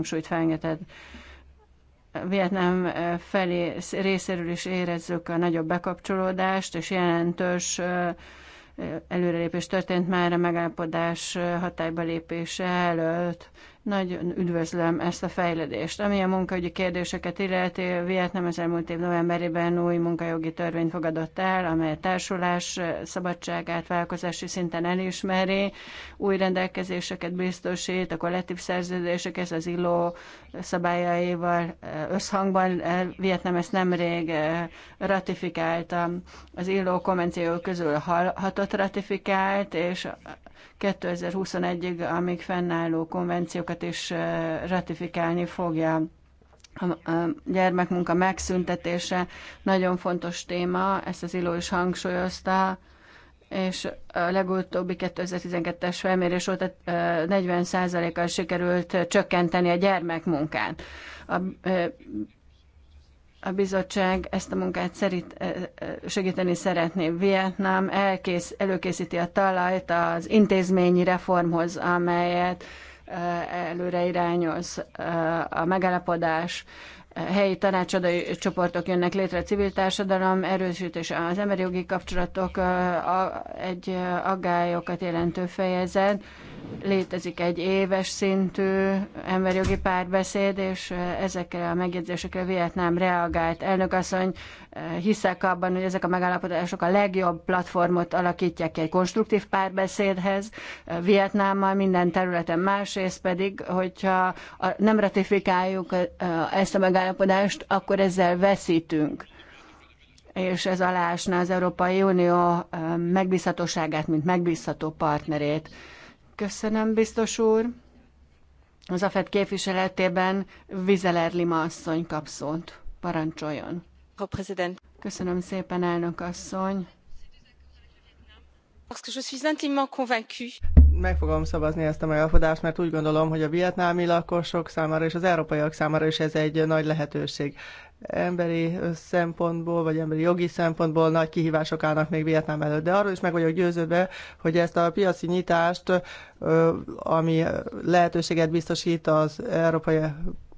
hangsúlyt fengetett. Vietnám eh, felé részéről is érezzük a nagyobb bekapcsolódást, és jelentős eh, előrelépés történt már a megállapodás eh, hatályba lépése előtt. Nagyon üdvözlöm ezt a fejledést. Ami a munkaügyi kérdéseket illeti, Vietnam az elmúlt év novemberében új munkajogi törvényt fogadott el, amely társulás szabadságát vállalkozási szinten elismeri, új rendelkezéseket biztosít, a kollektív szerződések, ez az illó szabályaival eh, összhangban. Eh, Vietnam ezt nemrég eh, ratifikálta, az illó konvenció közül hatot ratifikált, és 2021-ig, amíg fennálló konvenciókat is ratifikálni fogja. A gyermekmunka megszüntetése nagyon fontos téma, ezt az Iló is hangsúlyozta, és a legutóbbi 2012-es felmérés óta 40%-kal sikerült csökkenteni a gyermekmunkát. A a bizottság ezt a munkát szerint, segíteni szeretné. Vietnám elkész, előkészíti a talajt az intézményi reformhoz, amelyet előre irányoz a megállapodás. Helyi tanácsadói csoportok jönnek létre, a civil társadalom erősítése, az emberi jogi kapcsolatok egy aggályokat jelentő fejezet létezik egy éves szintű emberjogi párbeszéd, és ezekre a megjegyzésekre Vietnám reagált. Elnök asszony, hiszek abban, hogy ezek a megállapodások a legjobb platformot alakítják ki egy konstruktív párbeszédhez Vietnámmal minden területen. Másrészt pedig, hogyha nem ratifikáljuk ezt a megállapodást, akkor ezzel veszítünk és ez alásna az Európai Unió megbízhatóságát, mint megbízható partnerét. Köszönöm, biztos úr. Az AFED képviseletében Vizeler Lima asszony kap szót. Parancsoljon. Köszönöm szépen, elnök asszony. Meg fogom szavazni ezt a megállapodást, mert úgy gondolom, hogy a vietnámi lakosok számára és az európaiak számára is ez egy nagy lehetőség emberi szempontból, vagy emberi jogi szempontból nagy kihívások állnak még Vietnám előtt. De arról is meg vagyok győződve, hogy ezt a piaci nyitást, ami lehetőséget biztosít az európai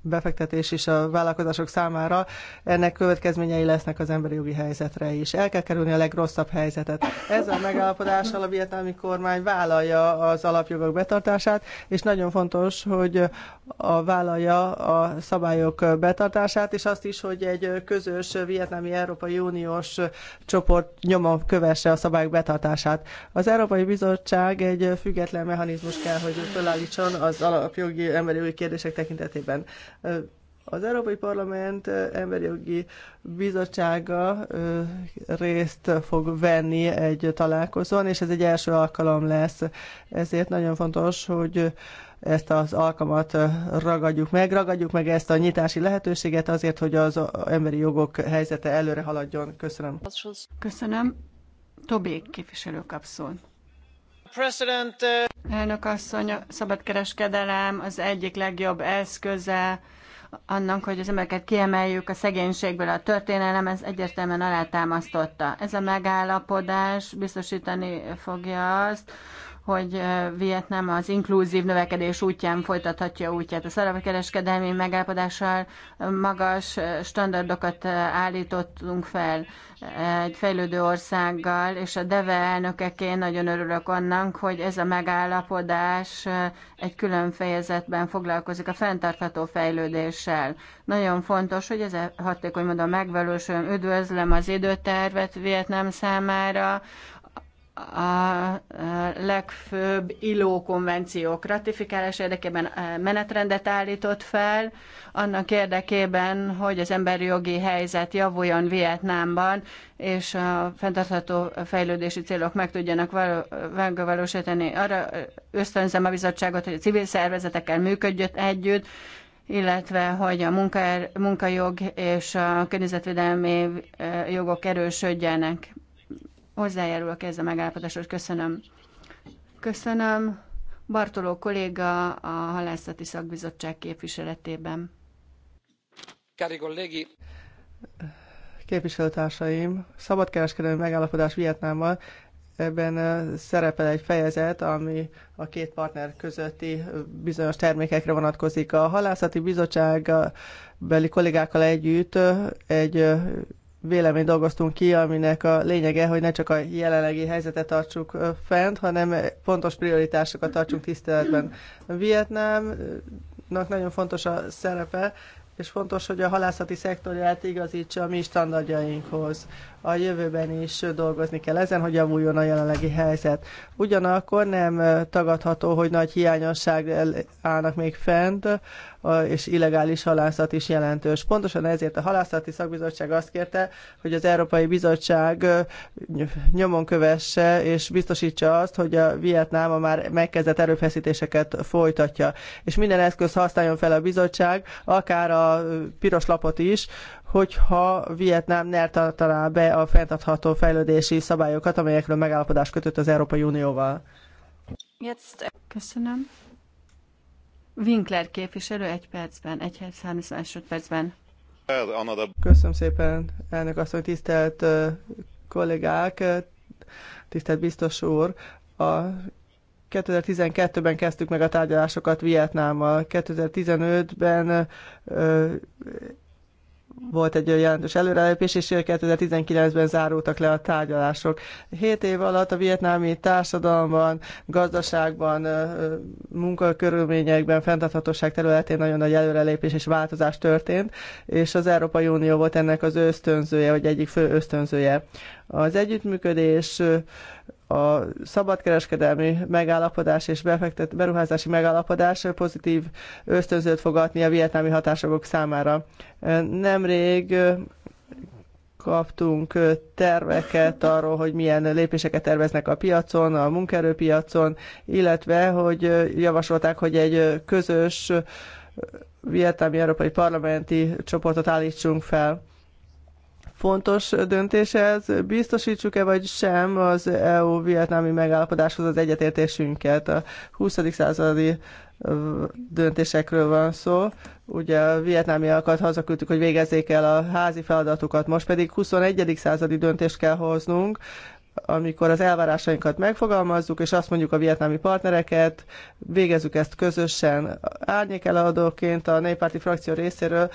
befektetés és a vállalkozások számára, ennek következményei lesznek az emberi jogi helyzetre is. El kell kerülni a legrosszabb helyzetet. Ez a megállapodással a vietnámi kormány vállalja az alapjogok betartását, és nagyon fontos, hogy a vállalja a szabályok betartását, és azt is, hogy egy közös vietnámi Európai Uniós csoport nyomon kövesse a szabályok betartását. Az Európai Bizottság egy független mechanizmus kell, hogy felállítson az alapjogi emberi jogi kérdések tekintetében. Az Európai Parlament Emberi Jogi Bizottsága részt fog venni egy találkozón, és ez egy első alkalom lesz. Ezért nagyon fontos, hogy ezt az alkalmat ragadjuk meg, ragadjuk meg ezt a nyitási lehetőséget azért, hogy az emberi jogok helyzete előre haladjon. Köszönöm. Köszönöm. Tobé képviselő kap President... Elnök asszony, a szabadkereskedelem az egyik legjobb eszköze annak, hogy az embereket kiemeljük a szegénységből, a történelem ez egyértelműen alátámasztotta. Ez a megállapodás biztosítani fogja azt, hogy Vietnám az inkluzív növekedés útján folytathatja útját. A szarabkereskedelmi megállapodással magas standardokat állítottunk fel egy fejlődő országgal, és a DEVE elnökeként nagyon örülök annak, hogy ez a megállapodás egy külön fejezetben foglalkozik a fenntartható fejlődéssel. Nagyon fontos, hogy ez hatékony módon megvalósuljon. Üdvözlöm az időtervet Vietnám számára, a legfőbb ILO konvenciók ratifikálás érdekében e, menetrendet állított fel, annak érdekében, hogy az emberi jogi helyzet javuljon Vietnámban, és a fenntartható fejlődési célok meg tudjanak megvalósítani. Arra ösztönzem a bizottságot, hogy a civil szervezetekkel működjött együtt, illetve hogy a munkajog és a környezetvédelmi e, jogok erősödjenek hozzájárulok ez a megállapodáshoz. Köszönöm. Köszönöm. Bartoló kolléga a Halászati Szakbizottság képviseletében. Kári kollégi. képviselőtársaim, szabadkereskedelmi megállapodás Vietnámmal, ebben szerepel egy fejezet, ami a két partner közötti bizonyos termékekre vonatkozik. A halászati bizottság beli kollégákkal együtt egy véleményt dolgoztunk ki, aminek a lényege, hogy ne csak a jelenlegi helyzetet tartsuk fent, hanem fontos prioritásokat tartsunk tiszteletben. A Vietnámnak nagyon fontos a szerepe, és fontos, hogy a halászati szektorját igazítsa a mi standardjainkhoz. A jövőben is dolgozni kell ezen, hogy javuljon a jelenlegi helyzet. Ugyanakkor nem tagadható, hogy nagy hiányosság állnak még fent és illegális halászat is jelentős. Pontosan ezért a halászati szakbizottság azt kérte, hogy az Európai Bizottság nyomon kövesse és biztosítsa azt, hogy a Vietnám már megkezdett erőfeszítéseket folytatja. És minden eszköz használjon fel a bizottság, akár a piros lapot is, hogyha Vietnám ne tartaná be a fenntartható fejlődési szabályokat, amelyekről megállapodás kötött az Európai Unióval. Köszönöm. Winkler képviselő egy percben, egy 30 másodpercben. Köszönöm szépen, elnök asszony, tisztelt kollégák, tisztelt biztos úr. A 2012-ben kezdtük meg a tárgyalásokat Vietnámmal, 2015-ben volt egy jelentős előrelépés, és 2019-ben zárultak le a tárgyalások. Hét év alatt a vietnámi társadalomban, gazdaságban, munkakörülményekben, fenntarthatóság területén nagyon nagy előrelépés és változás történt, és az Európai Unió volt ennek az ösztönzője, vagy egyik fő ösztönzője. Az együttműködés a szabadkereskedelmi megállapodás és befektet, beruházási megállapodás pozitív ösztönzőt fog adni a vietnámi hatásokok számára. Nemrég kaptunk terveket arról, hogy milyen lépéseket terveznek a piacon, a munkaerőpiacon, illetve, hogy javasolták, hogy egy közös vietnámi európai parlamenti csoportot állítsunk fel. Fontos döntés ez, biztosítsuk-e vagy sem az EU-vietnámi megállapodáshoz az egyetértésünket. A 20. századi döntésekről van szó. Ugye a vietnámiakat hazaküldtük, hogy végezzék el a házi feladatukat, most pedig 21. századi döntést kell hoznunk, amikor az elvárásainkat megfogalmazzuk, és azt mondjuk a vietnámi partnereket, végezzük ezt közösen. Árnyék eladóként a néppárti frakció részéről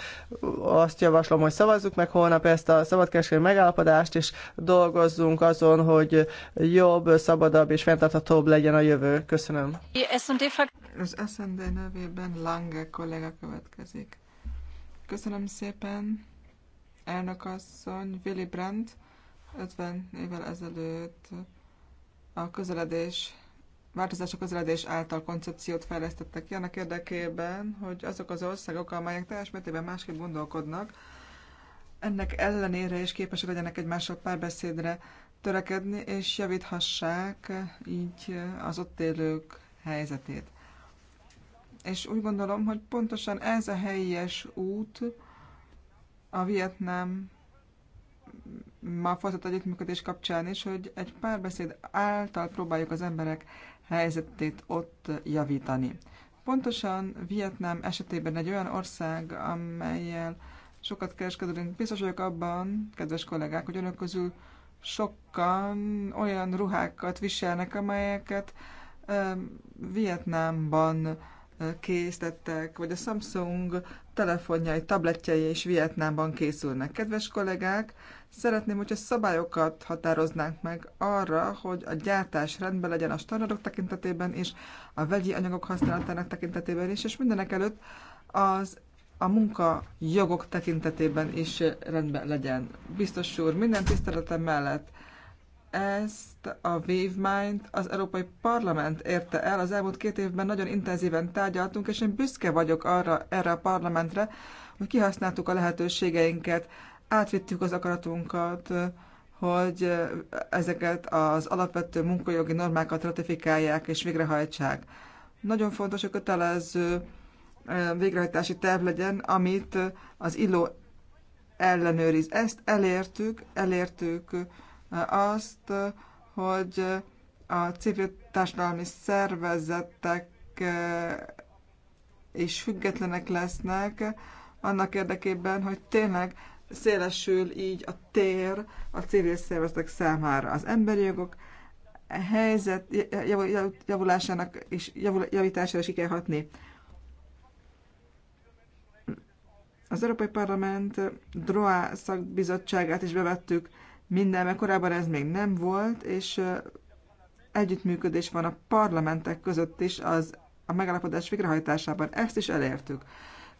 azt javaslom, hogy szavazzuk meg holnap ezt a szabadkereskedelmi megállapodást, és dolgozzunk azon, hogy jobb, szabadabb és fenntarthatóbb legyen a jövő. Köszönöm. Az SND nevében Lange kollega következik. Köszönöm szépen, elnök asszony, Willy Brandt 50 évvel ezelőtt a közeledés, változás a közeledés által koncepciót fejlesztettek ki annak érdekében, hogy azok az országok, amelyek teljes mértékben másképp gondolkodnak, ennek ellenére is képesek legyenek egymással párbeszédre törekedni, és javíthassák így az ott élők helyzetét. És úgy gondolom, hogy pontosan ez a helyes út a Vietnám már folytat együttműködés kapcsán is, hogy egy párbeszéd által próbáljuk az emberek helyzetét ott javítani. Pontosan Vietnám esetében egy olyan ország, amelyel sokat kereskedünk. Biztos vagyok abban, kedves kollégák, hogy önök közül sokan olyan ruhákat viselnek, amelyeket Vietnámban készítettek, vagy a Samsung telefonjai, tabletjei is Vietnámban készülnek. Kedves kollégák, szeretném, hogyha szabályokat határoznánk meg arra, hogy a gyártás rendben legyen a standardok tekintetében is, a vegyi anyagok használatának tekintetében is, és mindenek előtt az a munka jogok tekintetében is rendben legyen. Biztos úr, minden tiszteletem mellett ezt a vívmányt az Európai Parlament érte el. Az elmúlt két évben nagyon intenzíven tárgyaltunk, és én büszke vagyok arra, erre a parlamentre, hogy kihasználtuk a lehetőségeinket, átvittük az akaratunkat, hogy ezeket az alapvető munkajogi normákat ratifikálják és végrehajtsák. Nagyon fontos, hogy kötelező végrehajtási terv legyen, amit az illó ellenőriz. Ezt elértük, elértük azt, hogy a civil társadalmi szervezetek eh, is függetlenek lesznek annak érdekében, hogy tényleg szélesül így a tér a civil szervezetek számára. Az emberi jogok helyzet javulásának és javítására is kell hatni. Az Európai Parlament DROA szakbizottságát is bevettük minden, mert korábban ez még nem volt, és együttműködés van a parlamentek között is az a megállapodás végrehajtásában. Ezt is elértük.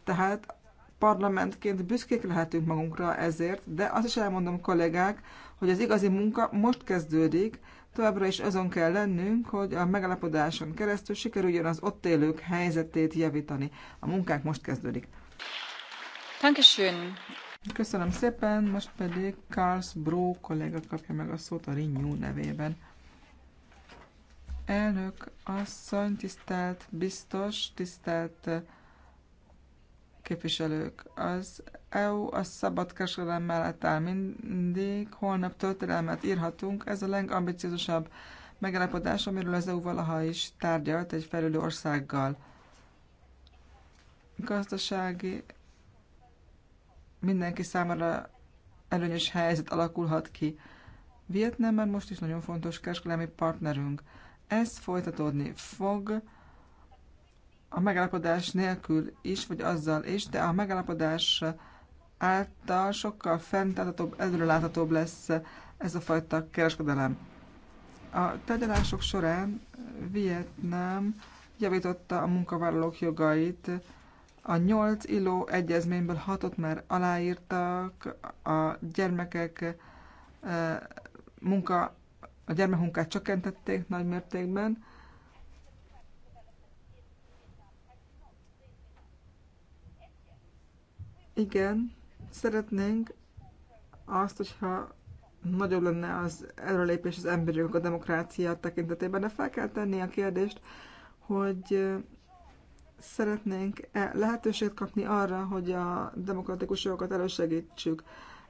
Tehát parlamentként büszkék lehetünk magunkra ezért, de azt is elmondom kollégák, hogy az igazi munka most kezdődik, továbbra is azon kell lennünk, hogy a megállapodáson keresztül sikerüljön az ott élők helyzetét javítani. A munkánk most kezdődik. Dankeschön. Köszönöm szépen, most pedig Karls Bro kollega kapja meg a szót a Renew nevében. Elnök asszony, tisztelt biztos, tisztelt eh, képviselők. Az EU a szabad kereskedelem mellett áll mindig, holnap történelmet írhatunk. Ez a legambiciózusabb megállapodás, amiről az EU valaha is tárgyalt egy felülő országgal. Gazdasági mindenki számára előnyös helyzet alakulhat ki. Vietnám már most is nagyon fontos kereskedelmi partnerünk. Ez folytatódni fog a megállapodás nélkül is, vagy azzal is, de a megállapodás által sokkal fenntarthatóbb, előreláthatóbb lesz ez a fajta kereskedelem. A tárgyalások során Vietnám javította a munkavállalók jogait, a nyolc illó egyezményből hatot már aláírtak, a gyermekek eh, munka, a gyermekmunkát csökkentették nagy mértékben, Igen, szeretnénk azt, hogyha nagyobb lenne az előrelépés az emberi a demokrácia tekintetében, de fel kell tenni a kérdést, hogy eh, szeretnénk -e lehetőséget kapni arra, hogy a demokratikus jogokat elősegítsük.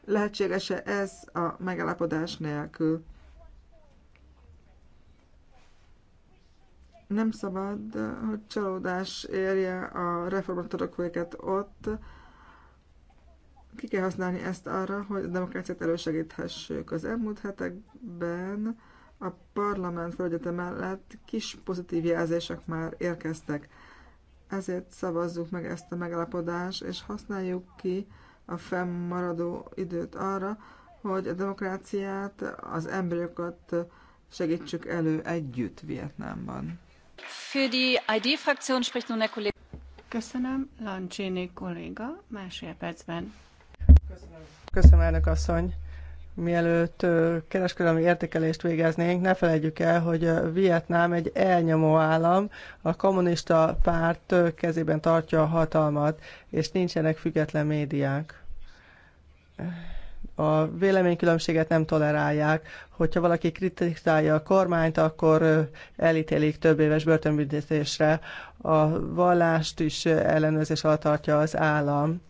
Lehetséges-e ez a megállapodás nélkül? Nem szabad, hogy csalódás érje a reformok törökvéket ott. Ki kell használni ezt arra, hogy a demokráciát elősegíthessük. Az elmúlt hetekben a parlament felügyete mellett kis pozitív jelzések már érkeztek ezért szavazzuk meg ezt a megállapodást, és használjuk ki a fennmaradó időt arra, hogy a demokráciát, az embereket segítsük elő együtt Vietnámban. id Köszönöm, Lancsini kolléga, másfél percben. Köszönöm. Köszönöm, elnök asszony. Mielőtt kereskedelmi értékelést végeznénk, ne felejtjük el, hogy Vietnám egy elnyomó állam, a kommunista párt kezében tartja a hatalmat, és nincsenek független médiák a véleménykülönbséget nem tolerálják. Hogyha valaki kritizálja a kormányt, akkor elítélik több éves börtönbüntetésre. A vallást is ellenőrzés alatt tartja az állam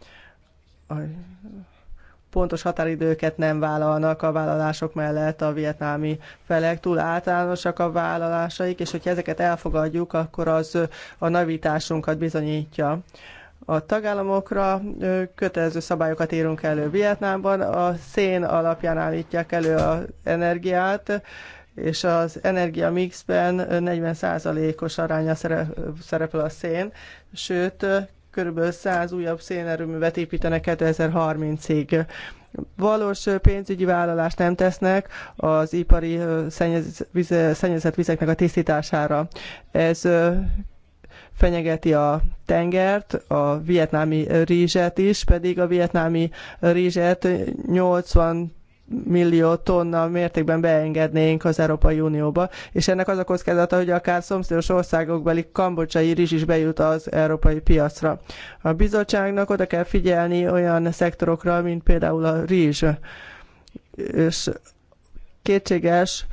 pontos határidőket nem vállalnak a vállalások mellett a vietnámi felek, túl általánosak a vállalásaik, és hogyha ezeket elfogadjuk, akkor az a navításunkat bizonyítja. A tagállamokra kötelező szabályokat írunk elő Vietnámban, a szén alapján állítják elő az energiát, és az energia mixben 40%-os aránya szerepel a szén, sőt körülbelül 100 újabb szénerőművet építenek 2030-ig. Valós pénzügyi vállalást nem tesznek az ipari szennyezett vizeknek a tisztítására. Ez fenyegeti a tengert, a vietnámi rizset is, pedig a vietnámi rizset 80 millió tonna mértékben beengednénk az Európai Unióba, és ennek az a kockázata, hogy akár szomszédos országokbeli kambocsai rizs is bejut az európai piacra. A bizottságnak oda kell figyelni olyan szektorokra, mint például a rizs, és kétséges,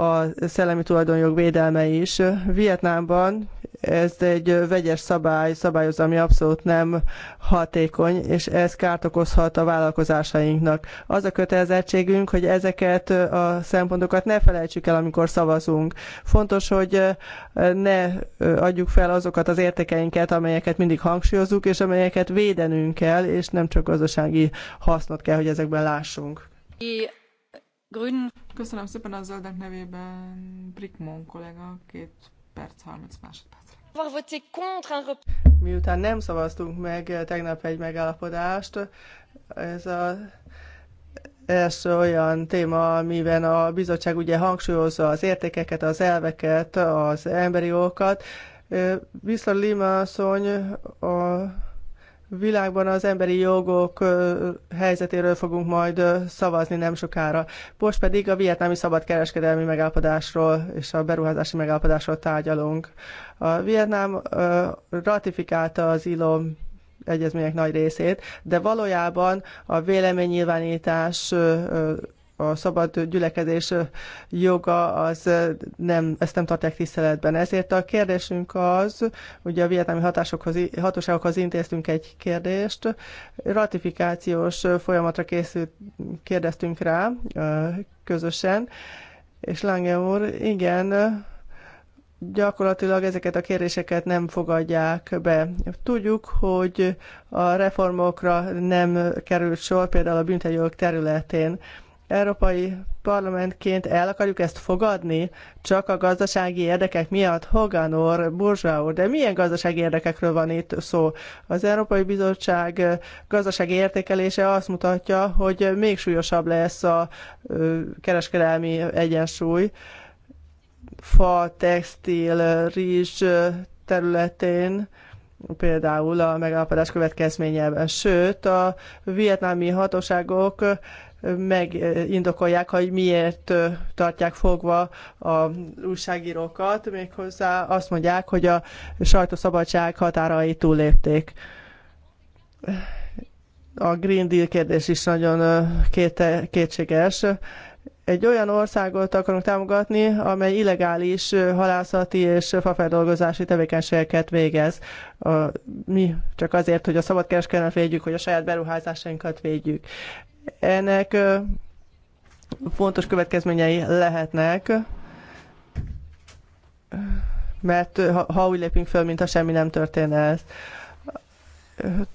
a szellemi tulajdonjog védelme is. Vietnámban ez egy vegyes szabály, szabályoz, ami abszolút nem hatékony, és ez kárt okozhat a vállalkozásainknak. Az a kötelezettségünk, hogy ezeket a szempontokat ne felejtsük el, amikor szavazunk. Fontos, hogy ne adjuk fel azokat az értékeinket, amelyeket mindig hangsúlyozunk, és amelyeket védenünk kell, és nem csak gazdasági hasznot kell, hogy ezekben lássunk. Köszönöm szépen a zöldek nevében Brickmon kollega, két perc, 30 másodperc. Miután nem szavaztunk meg tegnap egy megállapodást, ez a első olyan téma, amiben a bizottság ugye hangsúlyozza az értékeket, az elveket, az emberi jogokat. Viszont Lima asszony a világban az emberi jogok helyzetéről fogunk majd szavazni nem sokára. Most pedig a vietnámi szabadkereskedelmi megállapodásról és a beruházási megállapodásról tárgyalunk. A Vietnám ratifikálta az ILO egyezmények nagy részét, de valójában a véleménynyilvánítás a szabad gyülekezés joga, az nem, ezt nem tartják tiszteletben. Ezért a kérdésünk az, ugye a vietnámi hatásokhoz, hatóságokhoz intéztünk egy kérdést, ratifikációs folyamatra készült, kérdeztünk rá közösen, és Lange úr, igen, gyakorlatilag ezeket a kérdéseket nem fogadják be. Tudjuk, hogy a reformokra nem került sor, például a büntetőjog területén. Európai Parlamentként el akarjuk ezt fogadni, csak a gazdasági érdekek miatt, Hogan úr, Burzsa úr, de milyen gazdasági érdekekről van itt szó? Az Európai Bizottság gazdasági értékelése azt mutatja, hogy még súlyosabb lesz a kereskedelmi egyensúly, fa, textil, rizs területén, például a megállapodás következményében. Sőt, a vietnámi hatóságok megindokolják, hogy miért tartják fogva a újságírókat, méghozzá azt mondják, hogy a sajtószabadság határai túlépték. A Green Deal kérdés is nagyon kétséges. Egy olyan országot akarunk támogatni, amely illegális halászati és fafeldolgozási tevékenységeket végez. A, mi csak azért, hogy a szabadkereskedelmet védjük, hogy a saját beruházásainkat védjük. Ennek fontos következményei lehetnek, mert ha úgy lépünk föl, mintha semmi nem történne ez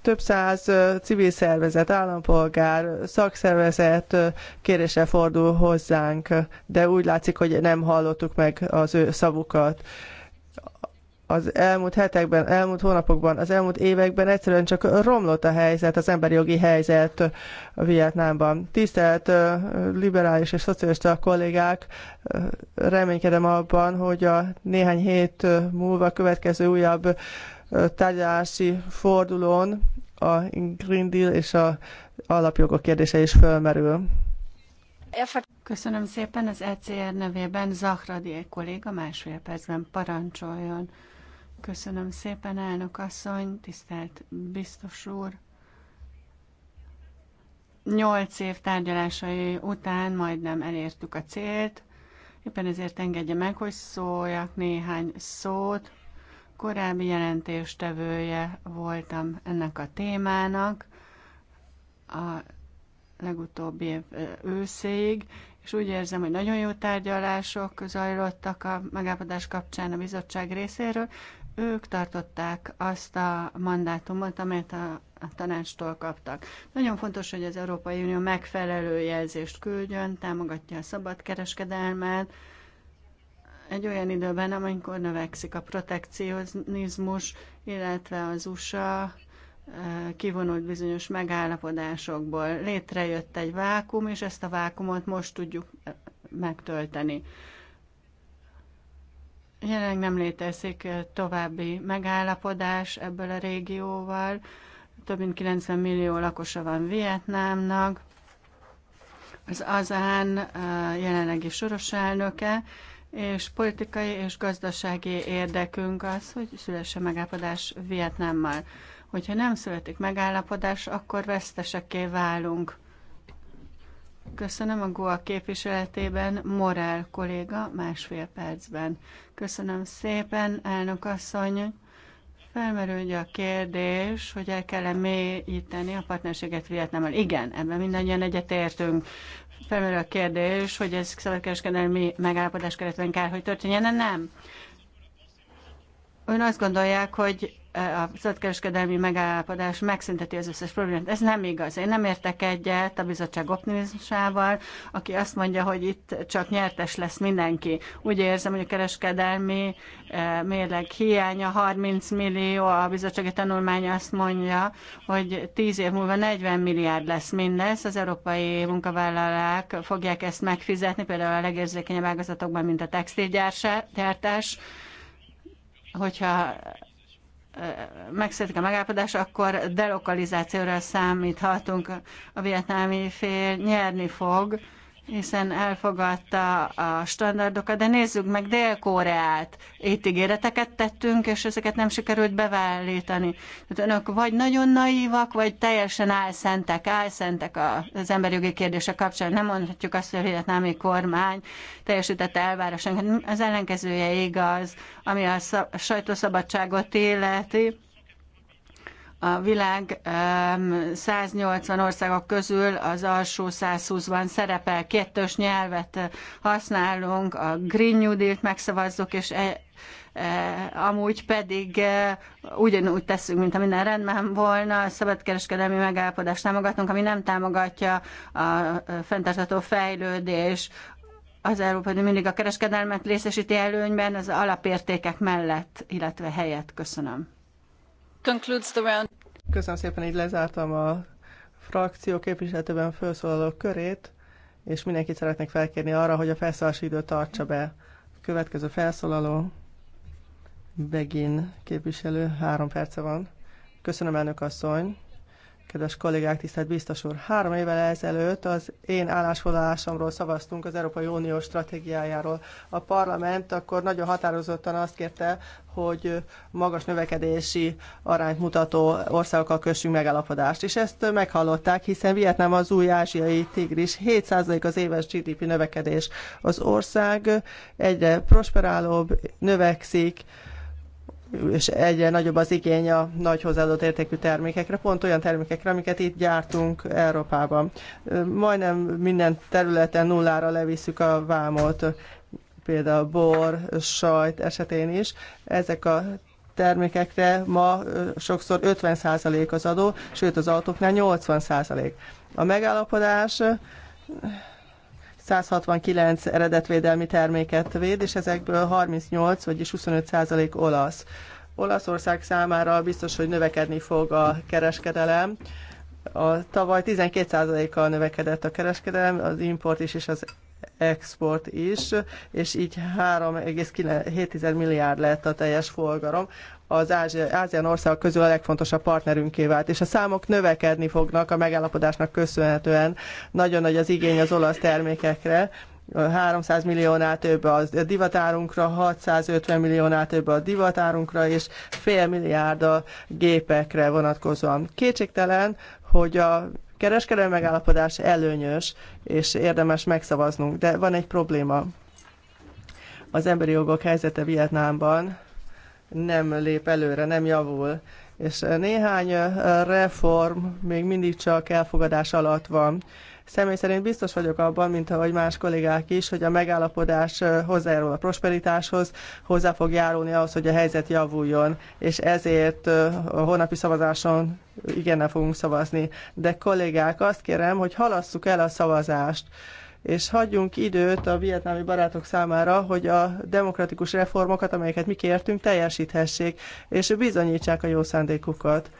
több száz civil szervezet, állampolgár, szakszervezet kérése fordul hozzánk, de úgy látszik, hogy nem hallottuk meg az ő szavukat az elmúlt hetekben, elmúlt hónapokban, az elmúlt években egyszerűen csak romlott a helyzet, az emberi jogi helyzet Vietnámban. Tisztelt liberális és szocialista kollégák, reménykedem abban, hogy a néhány hét múlva következő újabb tárgyalási fordulón a Green Deal és a alapjogok kérdése is fölmerül. Köszönöm szépen az ECR nevében Zahradi kolléga másfél percben parancsoljon. Köszönöm szépen, elnök asszony, tisztelt biztos úr. Nyolc év tárgyalásai után majdnem elértük a célt, éppen ezért engedje meg, hogy szóljak néhány szót. Korábbi jelentéstevője voltam ennek a témának a legutóbbi év őszéig, és úgy érzem, hogy nagyon jó tárgyalások zajlottak a megállapodás kapcsán a bizottság részéről, ők tartották azt a mandátumot, amelyet a, a tanácstól kaptak. Nagyon fontos, hogy az Európai Unió megfelelő jelzést küldjön, támogatja a szabad kereskedelmet, egy olyan időben, amikor növekszik a protekcionizmus, illetve az USA eh, kivonult bizonyos megállapodásokból. Létrejött egy vákum, és ezt a vákumot most tudjuk eh, megtölteni. Jelenleg nem létezik eh, további megállapodás ebből a régióval. Több mint 90 millió lakosa van Vietnámnak. Az Azán eh, jelenlegi soros elnöke, és politikai és gazdasági érdekünk az, hogy szülesse megállapodás Vietnámmal. Hogyha nem születik megállapodás, akkor veszteseké válunk. Köszönöm a GOA képviseletében, Morál kolléga másfél percben. Köszönöm szépen, elnök asszony. Felmerül ugye a kérdés, hogy el kell -e mélyíteni a partnerséget Vietnámmal. Igen, ebben mindannyian egyetértünk. Felmerül a kérdés, hogy ez szabadkereskedelmi megállapodás keretben kell, hogy történjen, -e? nem. Ön azt gondolják, hogy a szabadkereskedelmi megállapodás megszünteti az összes problémát. Ez nem igaz. Én nem értek egyet a bizottság optimizmusával, aki azt mondja, hogy itt csak nyertes lesz mindenki. Úgy érzem, hogy a kereskedelmi eh, mérleg hiánya 30 millió, a bizottsági tanulmány azt mondja, hogy 10 év múlva 40 milliárd lesz mindez. Az európai munkavállalák fogják ezt megfizetni, például a legérzékenyebb ágazatokban, mint a textilgyártás hogyha megszületik a megállapodás, akkor delokalizációra számíthatunk. A vietnámi fél nyerni fog, hiszen elfogadta a standardokat, de nézzük meg Dél-Koreát. Itt ígéreteket tettünk, és ezeket nem sikerült beválítani. Tehát önök vagy nagyon naívak, vagy teljesen álszentek, álszentek az jogi kérdése kapcsán. Nem mondhatjuk azt, hogy a vietnámi kormány teljesítette elvárásunkat. Az ellenkezője igaz, ami a sajtószabadságot illeti a világ 180 országok közül az alsó 120-ban szerepel. Kettős nyelvet használunk, a Green New Deal-t megszavazzuk, és e, e, amúgy pedig e, ugyanúgy teszünk, mint ha minden rendben volna, a szabadkereskedelmi megállapodást támogatunk, ami nem támogatja a e, fenntartható fejlődés, az Európai mindig a kereskedelmet részesíti előnyben az alapértékek mellett, illetve helyett. Köszönöm. Köszönöm szépen, így lezártam a frakció képviseletében felszólaló körét, és mindenkit szeretnék felkérni arra, hogy a felszólási időt tartsa be. A következő felszólaló, Begin képviselő, három perce van. Köszönöm, elnök asszony. Kedves kollégák, tisztelt biztos úr! Három évvel ezelőtt az én állásfoglalásomról szavaztunk az Európai Unió stratégiájáról. A parlament akkor nagyon határozottan azt kérte, hogy magas növekedési arányt mutató országokkal kössünk megállapodást. És ezt meghallották, hiszen Vietnám az új ázsiai tigris, 7% az éves GDP növekedés. Az ország egyre prosperálóbb, növekszik, és egyre nagyobb az igény a nagy hozzáadott értékű termékekre, pont olyan termékekre, amiket itt gyártunk Európában. Majdnem minden területen nullára levisszük a vámot, például bor, sajt esetén is. Ezek a termékekre ma sokszor 50% az adó, sőt az autóknál 80%. A megállapodás 169 eredetvédelmi terméket véd, és ezekből 38, vagyis 25 százalék olasz. Olaszország számára biztos, hogy növekedni fog a kereskedelem. A tavaly 12%-kal növekedett a kereskedelem, az import is és az export is, és így 3,7 milliárd lett a teljes forgalom. Az Ázsián országok közül a legfontosabb partnerünké vált, és a számok növekedni fognak a megállapodásnak köszönhetően. Nagyon nagy az igény az olasz termékekre, 300 milliónál több a divatárunkra, 650 milliónál több a divatárunkra, és fél milliárd a gépekre vonatkozóan. Kétségtelen, hogy a kereskedelmi megállapodás előnyös, és érdemes megszavaznunk, de van egy probléma. Az emberi jogok helyzete Vietnámban nem lép előre, nem javul, és eh, néhány eh, reform még mindig csak elfogadás alatt van Személy szerint biztos vagyok abban, mint ahogy más kollégák is, hogy a megállapodás hozzájárul a prosperitáshoz, hozzá fog járulni ahhoz, hogy a helyzet javuljon, és ezért a holnapi szavazáson igennel fogunk szavazni. De kollégák, azt kérem, hogy halasszuk el a szavazást és hagyjunk időt a vietnámi barátok számára, hogy a demokratikus reformokat, amelyeket mi kértünk, teljesíthessék, és bizonyítsák a jó szándékukat.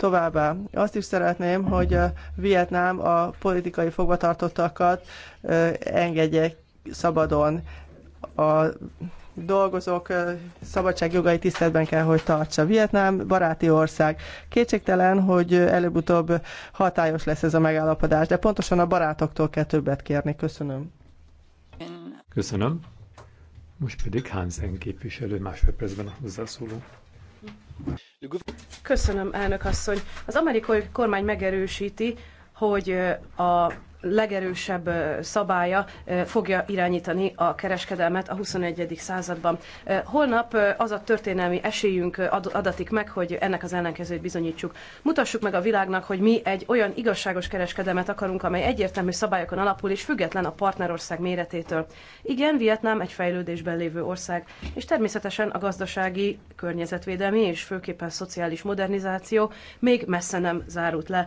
Továbbá azt is szeretném, hogy a Vietnám a politikai fogvatartottakat engedje szabadon. A dolgozók szabadságjogait tiszteletben kell, hogy tartsa. Vietnám baráti ország. Kétségtelen, hogy előbb-utóbb hatályos lesz ez a megállapodás, de pontosan a barátoktól kell többet kérni. Köszönöm. Köszönöm. Most pedig Hansen képviselő másfél percben a hozzászóló. Köszönöm, elnök asszony. Az amerikai kormány megerősíti, hogy a legerősebb szabálya fogja irányítani a kereskedelmet a 21. században. Holnap az a történelmi esélyünk adatik meg, hogy ennek az ellenkezőjét bizonyítsuk. Mutassuk meg a világnak, hogy mi egy olyan igazságos kereskedelmet akarunk, amely egyértelmű szabályokon alapul és független a partnerország méretétől. Igen, Vietnám egy fejlődésben lévő ország, és természetesen a gazdasági, környezetvédelmi és főképpen szociális modernizáció még messze nem zárult le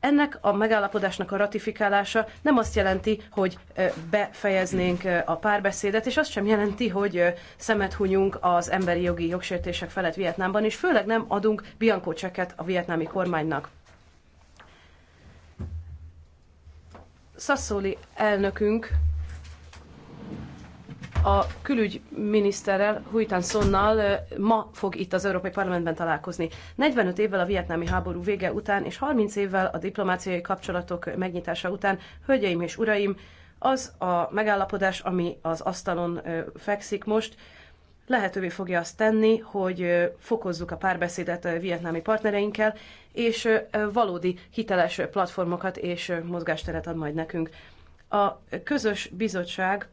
ennek a megállapodásnak a ratifikálása nem azt jelenti, hogy befejeznénk a párbeszédet, és azt sem jelenti, hogy szemet hunyunk az emberi jogi jogsértések felett Vietnámban, és főleg nem adunk bianco cseket a vietnámi kormánynak. Szaszóli elnökünk a külügyminiszterrel, Huitán Sonnal ma fog itt az Európai Parlamentben találkozni. 45 évvel a vietnámi háború vége után és 30 évvel a diplomáciai kapcsolatok megnyitása után, hölgyeim és uraim, az a megállapodás, ami az asztalon fekszik most, lehetővé fogja azt tenni, hogy fokozzuk a párbeszédet a vietnámi partnereinkkel, és valódi hiteles platformokat és mozgásteret ad majd nekünk. A közös bizottság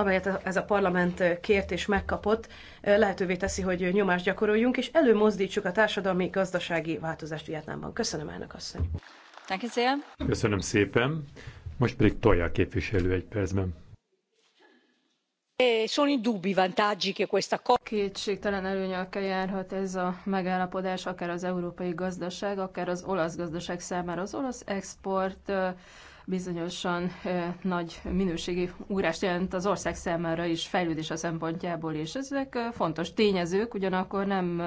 amelyet ez a parlament kért és megkapott, lehetővé teszi, hogy nyomást gyakoroljunk, és előmozdítsuk a társadalmi gazdasági változást Vietnámban. Köszönöm, elnök asszony. Köszönöm szépen. Most pedig Tolja képviselő egy percben. Eh, Kétségtelen előnyökkel járhat ez a megállapodás akár az európai gazdaság, akár az olasz gazdaság számára. Az olasz export bizonyosan nagy minőségi ugrást jelent az ország számára is fejlődés a szempontjából, és ezek fontos tényezők, ugyanakkor nem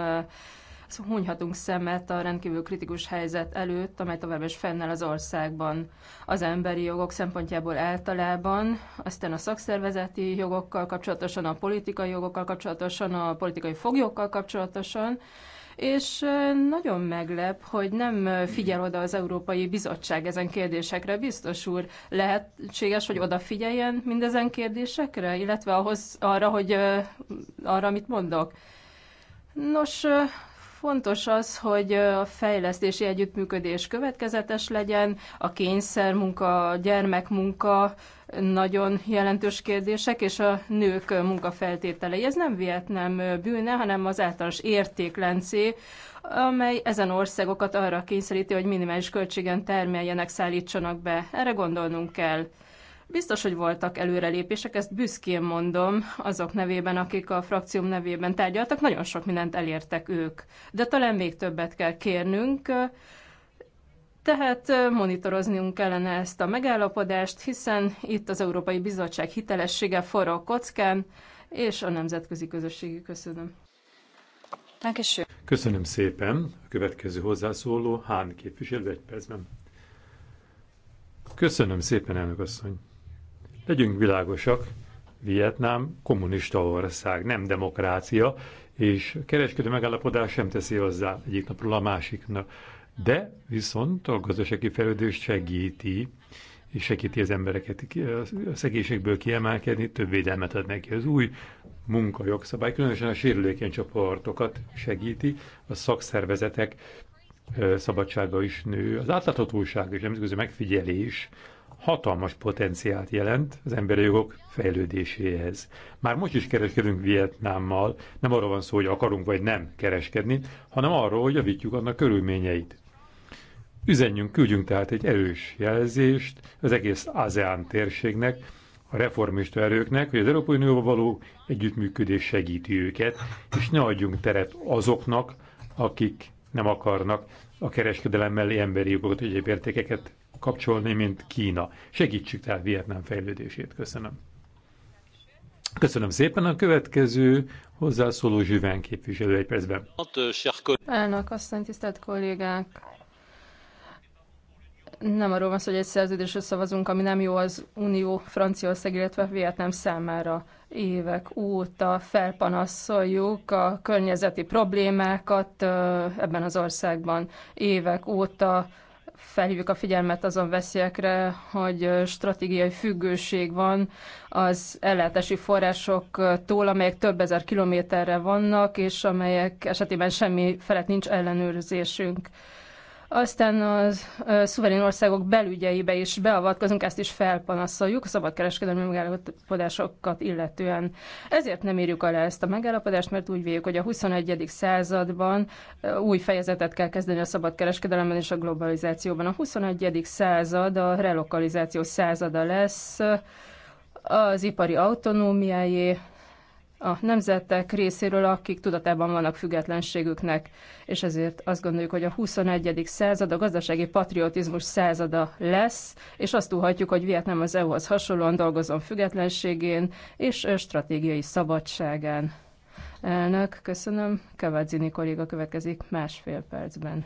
hunyhatunk szemet a rendkívül kritikus helyzet előtt, amely továbbra is fennáll az országban az emberi jogok szempontjából általában, aztán a szakszervezeti jogokkal kapcsolatosan, a politikai jogokkal kapcsolatosan, a politikai foglyokkal kapcsolatosan, és nagyon meglep, hogy nem figyel oda az Európai Bizottság ezen kérdésekre. Biztos úr, lehetséges, hogy odafigyeljen mindezen kérdésekre, illetve ahhoz, arra, hogy arra, amit mondok. Nos, Fontos az, hogy a fejlesztési együttműködés következetes legyen, a kényszermunka, a gyermekmunka nagyon jelentős kérdések, és a nők munkafeltételei. Ez nem Vietnám bűne, hanem az általános értéklencé, amely ezen országokat arra kényszeríti, hogy minimális költségen termeljenek, szállítsanak be. Erre gondolnunk kell. Biztos, hogy voltak előrelépések, ezt büszkén mondom azok nevében, akik a frakcióm nevében tárgyaltak, nagyon sok mindent elértek ők. De talán még többet kell kérnünk, tehát monitoroznunk kellene ezt a megállapodást, hiszen itt az Európai Bizottság hitelessége forró kockán, és a nemzetközi közösségi köszönöm. Köszönöm szépen. A következő hozzászóló Hán képviselő egy percben. Köszönöm szépen, elnök asszony. Legyünk világosak, Vietnám kommunista ország, nem demokrácia, és kereskedő megállapodás sem teszi hozzá egyik napról a másiknak. De viszont a gazdasági fejlődést segíti, és segíti az embereket a szegénységből kiemelkedni, több védelmet ad neki az új munkajogszabály, különösen a sérülékeny csoportokat segíti, a szakszervezetek szabadsága is nő, az átláthatóság és nemzetközi megfigyelés hatalmas potenciált jelent az emberi jogok fejlődéséhez. Már most is kereskedünk Vietnámmal, nem arról van szó, hogy akarunk vagy nem kereskedni, hanem arról, hogy javítjuk annak körülményeit. Üzenjünk, küldjünk tehát egy erős jelzést az egész ASEAN térségnek, a reformista erőknek, hogy az Európai Unióval való együttműködés segíti őket, és ne adjunk teret azoknak, akik nem akarnak a kereskedelem mellé emberi jogokat, egyéb értékeket kapcsolni, mint Kína. Segítsük tehát Vietnám fejlődését. Köszönöm. Köszönöm szépen. A következő hozzászóló Zsüven képviselő egy percben. Elnök asszony, tisztelt kollégák! Nem arról van szó, hogy egy szerződésre szavazunk, ami nem jó az Unió, Franciaország, illetve Vietnám számára évek óta felpanaszoljuk a környezeti problémákat ebben az országban. Évek óta felhívjuk a figyelmet azon veszélyekre, hogy stratégiai függőség van az ellátási forrásoktól, amelyek több ezer kilométerre vannak, és amelyek esetében semmi felett nincs ellenőrzésünk. Aztán az szuverén országok belügyeibe is beavatkozunk, ezt is felpanaszoljuk a szabadkereskedelmi megállapodásokat illetően. Ezért nem írjuk alá ezt a megállapodást, mert úgy véljük, hogy a 21. században új fejezetet kell kezdeni a szabadkereskedelemben és a globalizációban. A 21. század a relokalizáció százada lesz, az ipari autonómiájé, a nemzetek részéről, akik tudatában vannak függetlenségüknek, és ezért azt gondoljuk, hogy a 21. század a gazdasági patriotizmus százada lesz, és azt tudhatjuk, hogy Vietnám az EU-hoz hasonlóan dolgozom függetlenségén és stratégiai szabadságán. Elnök, köszönöm. Kavadzini kolléga következik másfél percben.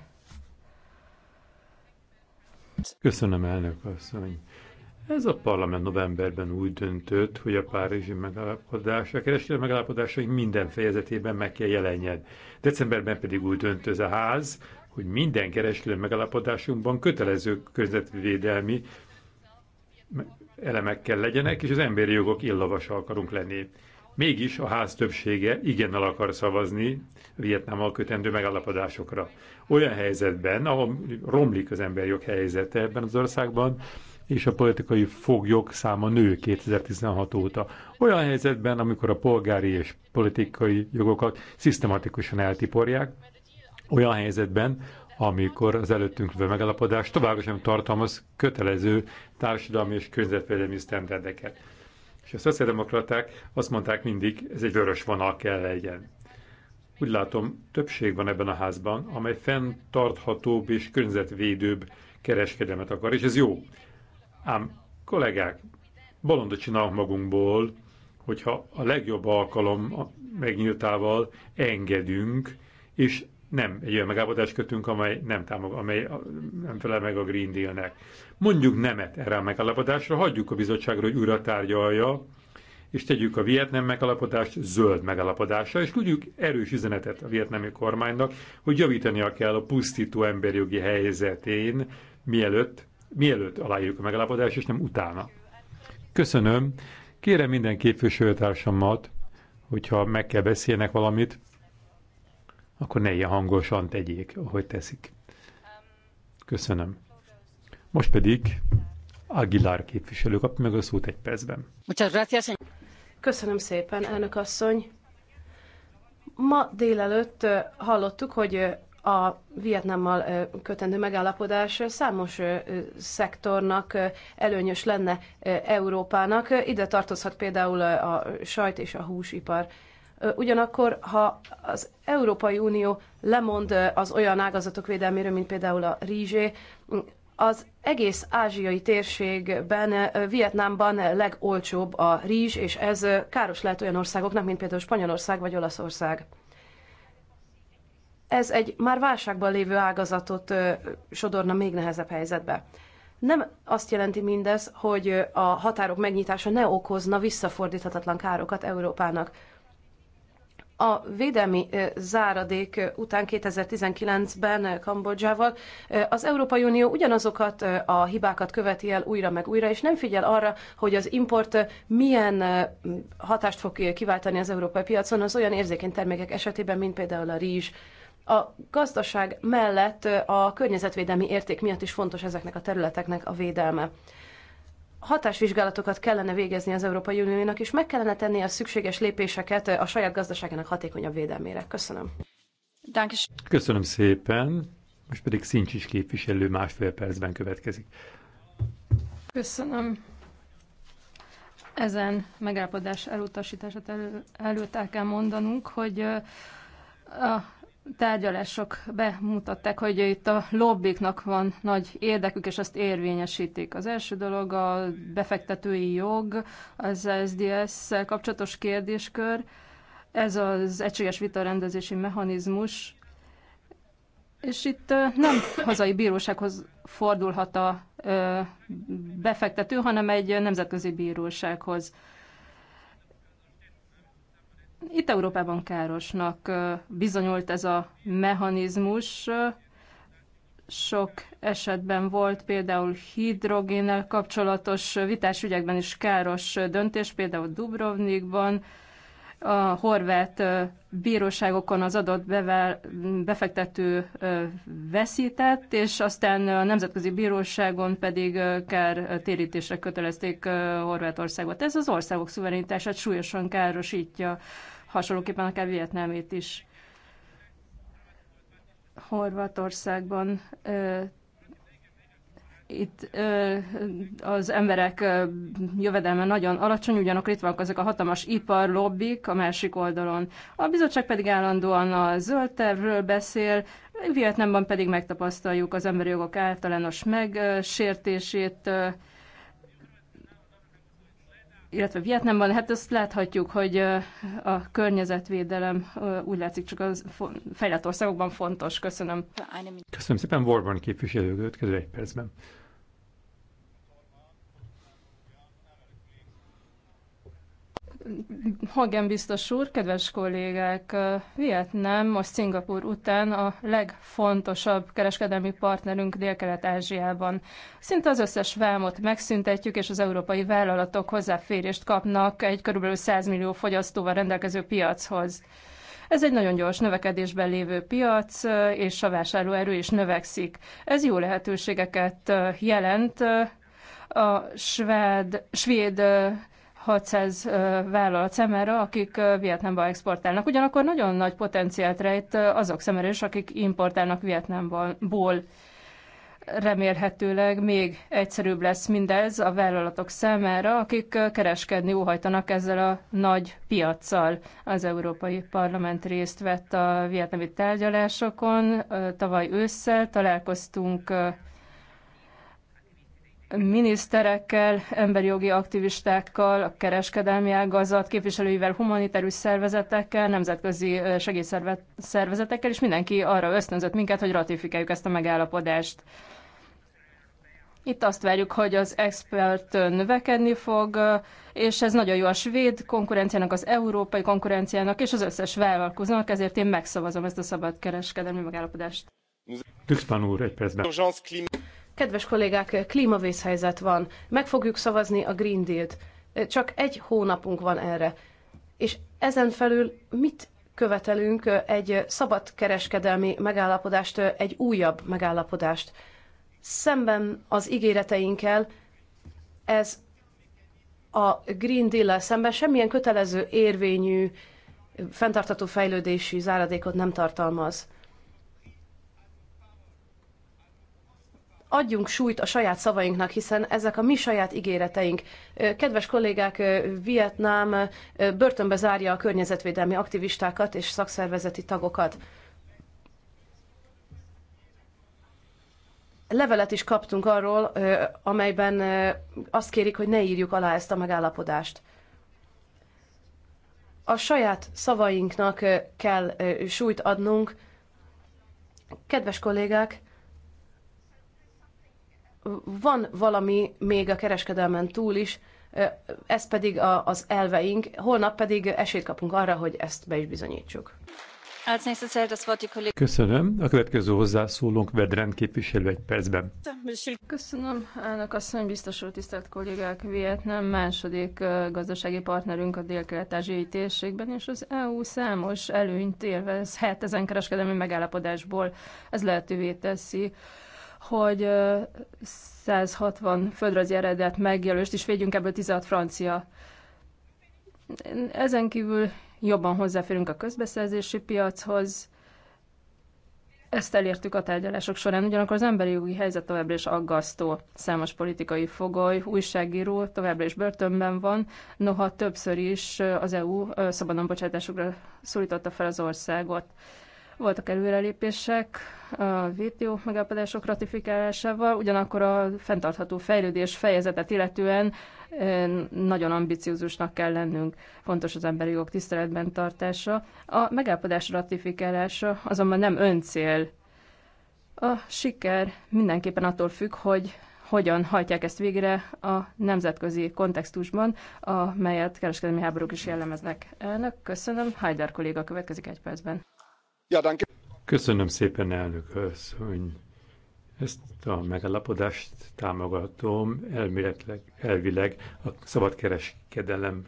Köszönöm, elnök asszony. Ez a parlament novemberben úgy döntött, hogy a Párizsi megállapodás, a kereskedelmi hogy minden fejezetében meg kell jelenjen. Decemberben pedig úgy döntött a ház, hogy minden kereskedelmi megállapodásunkban kötelező környezetvédelmi elemekkel legyenek, és az emberi jogok illavasa akarunk lenni. Mégis a ház többsége igennel akar szavazni Vietnámmal kötendő megállapodásokra. Olyan helyzetben, ahol romlik az emberi jog helyzete ebben az országban, és a politikai foglyok száma nő 2016 óta. Olyan helyzetben, amikor a polgári és politikai jogokat szisztematikusan eltiporják, olyan helyzetben, amikor az előttünk lévő megalapodás továbbra sem tartalmaz kötelező társadalmi és környezetvédelmi sztenderdeket. És a szociáldemokraták azt mondták mindig, ez egy vörös vonal kell legyen. Úgy látom, többség van ebben a házban, amely fenntarthatóbb és környezetvédőbb kereskedelmet akar, és ez jó. Ám, kollégák, bolondot csinálunk magunkból, hogyha a legjobb alkalom megnyíltával engedünk, és nem egy olyan megállapodást kötünk, amely nem, támog, amely nem felel meg a Green Deal-nek. Mondjuk nemet erre a megállapodásra, hagyjuk a bizottságra, hogy újra tárgyalja, és tegyük a vietnám megállapodást zöld megállapodásra, és tudjuk erős üzenetet a vietnámi kormánynak, hogy javítania kell a pusztító emberjogi helyzetén, mielőtt mielőtt aláírjuk a megállapodást, és nem utána. Köszönöm. Kérem minden képviselőtársamat, hogyha meg kell beszélnek valamit, akkor ne ilyen hangosan tegyék, ahogy teszik. Köszönöm. Most pedig Aguilar képviselő kap meg a szót egy percben. Köszönöm szépen, elnök asszony. Ma délelőtt eh, hallottuk, hogy eh, a Vietnámmal kötendő megállapodás számos szektornak előnyös lenne Európának. Ide tartozhat például a sajt és a húsipar. Ugyanakkor, ha az Európai Unió lemond az olyan ágazatok védelméről, mint például a rizsé, az egész ázsiai térségben, Vietnámban legolcsóbb a rizs, és ez káros lehet olyan országoknak, mint például Spanyolország vagy Olaszország ez egy már válságban lévő ágazatot sodorna még nehezebb helyzetbe. Nem azt jelenti mindez, hogy a határok megnyitása ne okozna visszafordíthatatlan károkat Európának. A védelmi záradék után 2019-ben Kambodzsával az Európai Unió ugyanazokat a hibákat követi el újra meg újra, és nem figyel arra, hogy az import milyen hatást fog kiváltani az európai piacon az olyan érzékeny termékek esetében, mint például a rizs a gazdaság mellett a környezetvédelmi érték miatt is fontos ezeknek a területeknek a védelme. Hatásvizsgálatokat kellene végezni az Európai Uniónak, és meg kellene tenni a szükséges lépéseket a saját gazdaságának hatékonyabb védelmére. Köszönöm. Köszönöm szépen. Most pedig Szincsis képviselő másfél percben következik. Köszönöm. Ezen megállapodás elutasítását elő, előtt el kell mondanunk, hogy a tárgyalások bemutatták, hogy itt a lobbiknak van nagy érdekük, és ezt érvényesítik. Az első dolog a befektetői jog, az SDS-szel kapcsolatos kérdéskör, ez az egységes vitarendezési mechanizmus, és itt nem hazai bírósághoz fordulhat a befektető, hanem egy nemzetközi bírósághoz. Itt Európában károsnak bizonyult ez a mechanizmus. Sok esetben volt például hidrogénnel kapcsolatos vitás ügyekben is káros döntés, például Dubrovnikban, a horvát bíróságokon az adott befektető veszített, és aztán a Nemzetközi Bíróságon pedig kár térítésre kötelezték Horvátországot. Ez az országok szuverenitását súlyosan károsítja hasonlóképpen akár Vietnámét is. Horvátországban itt ö, az emberek ö, jövedelme nagyon alacsony, ugyanakkor itt vannak ezek a hatalmas lobbik a másik oldalon. A bizottság pedig állandóan a zöld tervről beszél, Vietnámban pedig megtapasztaljuk az emberi jogok általános megsértését. Ö, illetve Vietnamban, hát ezt láthatjuk, hogy a környezetvédelem úgy látszik csak a fejlett országokban fontos. Köszönöm. Köszönöm szépen, Warburn képviselő következő egy percben. Hagen biztos úr, kedves kollégák, Vietnám most Szingapur után a legfontosabb kereskedelmi partnerünk Dél-Kelet-Ázsiában. Szinte az összes vámot megszüntetjük, és az európai vállalatok hozzáférést kapnak egy kb. 100 millió fogyasztóval rendelkező piachoz. Ez egy nagyon gyors növekedésben lévő piac, és a vásárlóerő is növekszik. Ez jó lehetőségeket jelent a svéd, svéd 600 vállalat szemére, akik Vietnámba exportálnak. Ugyanakkor nagyon nagy potenciált rejt azok szemére is, akik importálnak Vietnámból. Remélhetőleg még egyszerűbb lesz mindez a vállalatok számára, akik kereskedni óhajtanak ezzel a nagy piaccal. Az Európai Parlament részt vett a vietnami tárgyalásokon. Tavaly ősszel találkoztunk miniszterekkel, emberi jogi aktivistákkal, a kereskedelmi ágazat képviselőivel, humanitárius szervezetekkel, nemzetközi segélyszervezetekkel, és mindenki arra ösztönzött minket, hogy ratifikáljuk ezt a megállapodást. Itt azt várjuk, hogy az expert növekedni fog, és ez nagyon jó a svéd konkurenciának, az európai konkurenciának és az összes vállalkozónak, ezért én megszavazom ezt a szabadkereskedelmi megállapodást. Düxpan úr, egy percben. Kedves kollégák, klímavészhelyzet van. Meg fogjuk szavazni a Green Deal-t. Csak egy hónapunk van erre. És ezen felül mit követelünk eh, egy szabad kereskedelmi megállapodást, eh, egy újabb megállapodást? Szemben az ígéreteinkkel ez a Green Deal-lel szemben semmilyen kötelező érvényű fenntartató fejlődési záradékot nem tartalmaz. adjunk súlyt a saját szavainknak, hiszen ezek a mi saját ígéreteink. Kedves kollégák, Vietnám börtönbe zárja a környezetvédelmi aktivistákat és szakszervezeti tagokat. Levelet is kaptunk arról, amelyben azt kérik, hogy ne írjuk alá ezt a megállapodást. A saját szavainknak kell súlyt adnunk. Kedves kollégák, van valami még a kereskedelmen túl is, ez pedig a, az elveink, holnap pedig esélyt kapunk arra, hogy ezt be is bizonyítsuk. Köszönöm. A következő hozzászólónk Vedren képviselő egy percben. Köszönöm, elnök asszony, biztos úr, tisztelt kollégák. Vietnám második gazdasági partnerünk a dél-kelet-ázsiai térségben, és az EU számos előnyt élvezhet ezen kereskedelmi megállapodásból. Ez lehetővé teszi hogy 160 földrajzi eredet megjelölést, és védjünk ebből 16 francia. Ezen kívül jobban hozzáférünk a közbeszerzési piachoz, ezt elértük a tárgyalások során, ugyanakkor az emberi jogi helyzet továbbra is aggasztó. Számos politikai fogoly, újságíró továbbra is börtönben van, noha többször is az EU szabadon bocsátásokra szólította fel az országot. Voltak előrelépések a WTO megállapodások ratifikálásával, ugyanakkor a fenntartható fejlődés fejezetet illetően eh, nagyon ambiciózusnak kell lennünk. Fontos az emberi jogok tiszteletben tartása. A megállapodás ratifikálása azonban nem öncél. A siker mindenképpen attól függ, hogy hogyan hajtják ezt végre a nemzetközi kontextusban, amelyet kereskedelmi háborúk is jellemeznek. Elnök, köszönöm. Hajder kolléga következik egy percben. Köszönöm szépen, elnök asszony. Ezt a megállapodást támogatom, elméletleg, elvileg a szabadkereskedelem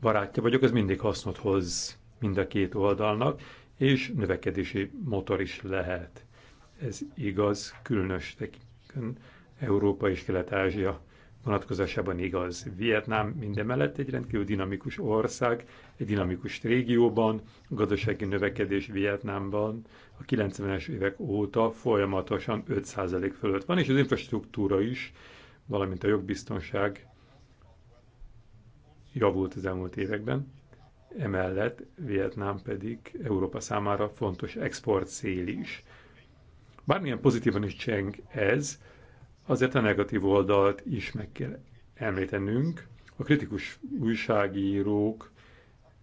barátja vagyok, ez mindig hasznot hoz mind a két oldalnak, és növekedési motor is lehet. Ez igaz, különös Európa és Kelet-Ázsia vonatkozásában igaz. Vietnám minden mellett egy rendkívül dinamikus ország, egy dinamikus régióban, a gazdasági növekedés Vietnámban a 90-es évek óta folyamatosan 5% fölött van, és az infrastruktúra is, valamint a jogbiztonság javult az elmúlt években. Emellett Vietnám pedig Európa számára fontos export cél is. Bármilyen pozitívan is cseng ez, azért a negatív oldalt is meg kell említenünk. A kritikus újságírók,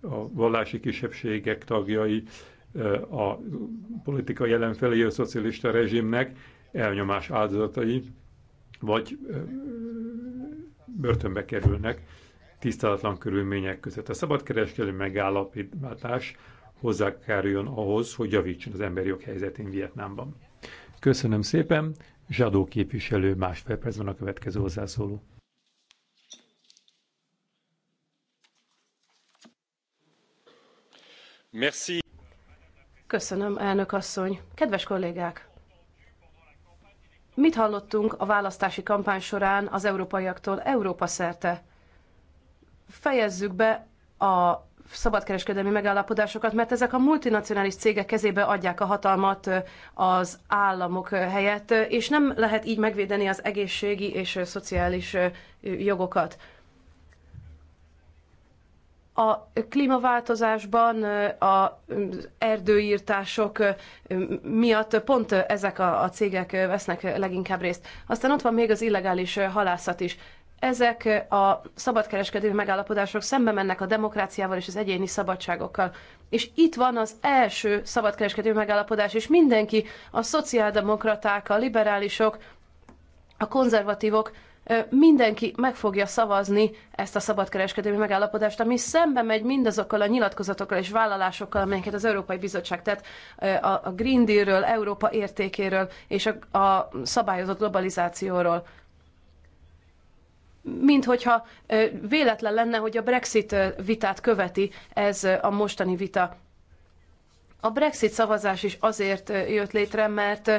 a vallási kisebbségek tagjai, a politika jelenfelé a szocialista rezsimnek elnyomás áldozatai, vagy börtönbe kerülnek tiszteletlen körülmények között. A szabadkereskedelmi megállapítás hozzá kerüljön ahhoz, hogy javítson az emberi jog helyzetén Vietnámban. Köszönöm szépen, Zsadó képviselő másfél van a következő hozzászóló. Merci. Köszönöm, elnök asszony. Kedves kollégák! Mit hallottunk a választási kampány során az európaiaktól Európa szerte? Fejezzük be a szabadkereskedelmi megállapodásokat, mert ezek a multinacionális cégek kezébe adják a hatalmat az államok helyett, és nem lehet így megvédeni az egészségi és szociális jogokat. A klímaváltozásban az erdőírtások miatt pont ezek a cégek vesznek leginkább részt. Aztán ott van még az illegális halászat is ezek a szabadkereskedelmi megállapodások szembe mennek a demokráciával és az egyéni szabadságokkal. És itt van az első szabadkereskedelmi megállapodás, és mindenki, a szociáldemokraták, a liberálisok, a konzervatívok, mindenki meg fogja szavazni ezt a szabadkereskedelmi megállapodást, ami szembe megy mindazokkal a nyilatkozatokkal és vállalásokkal, amelyeket az Európai Bizottság tett a Green Dealről, Európa értékéről és a, szabályozott globalizációról. Mint hogyha véletlen lenne, hogy a Brexit vitát követi ez a mostani vita. A Brexit szavazás is azért jött létre, mert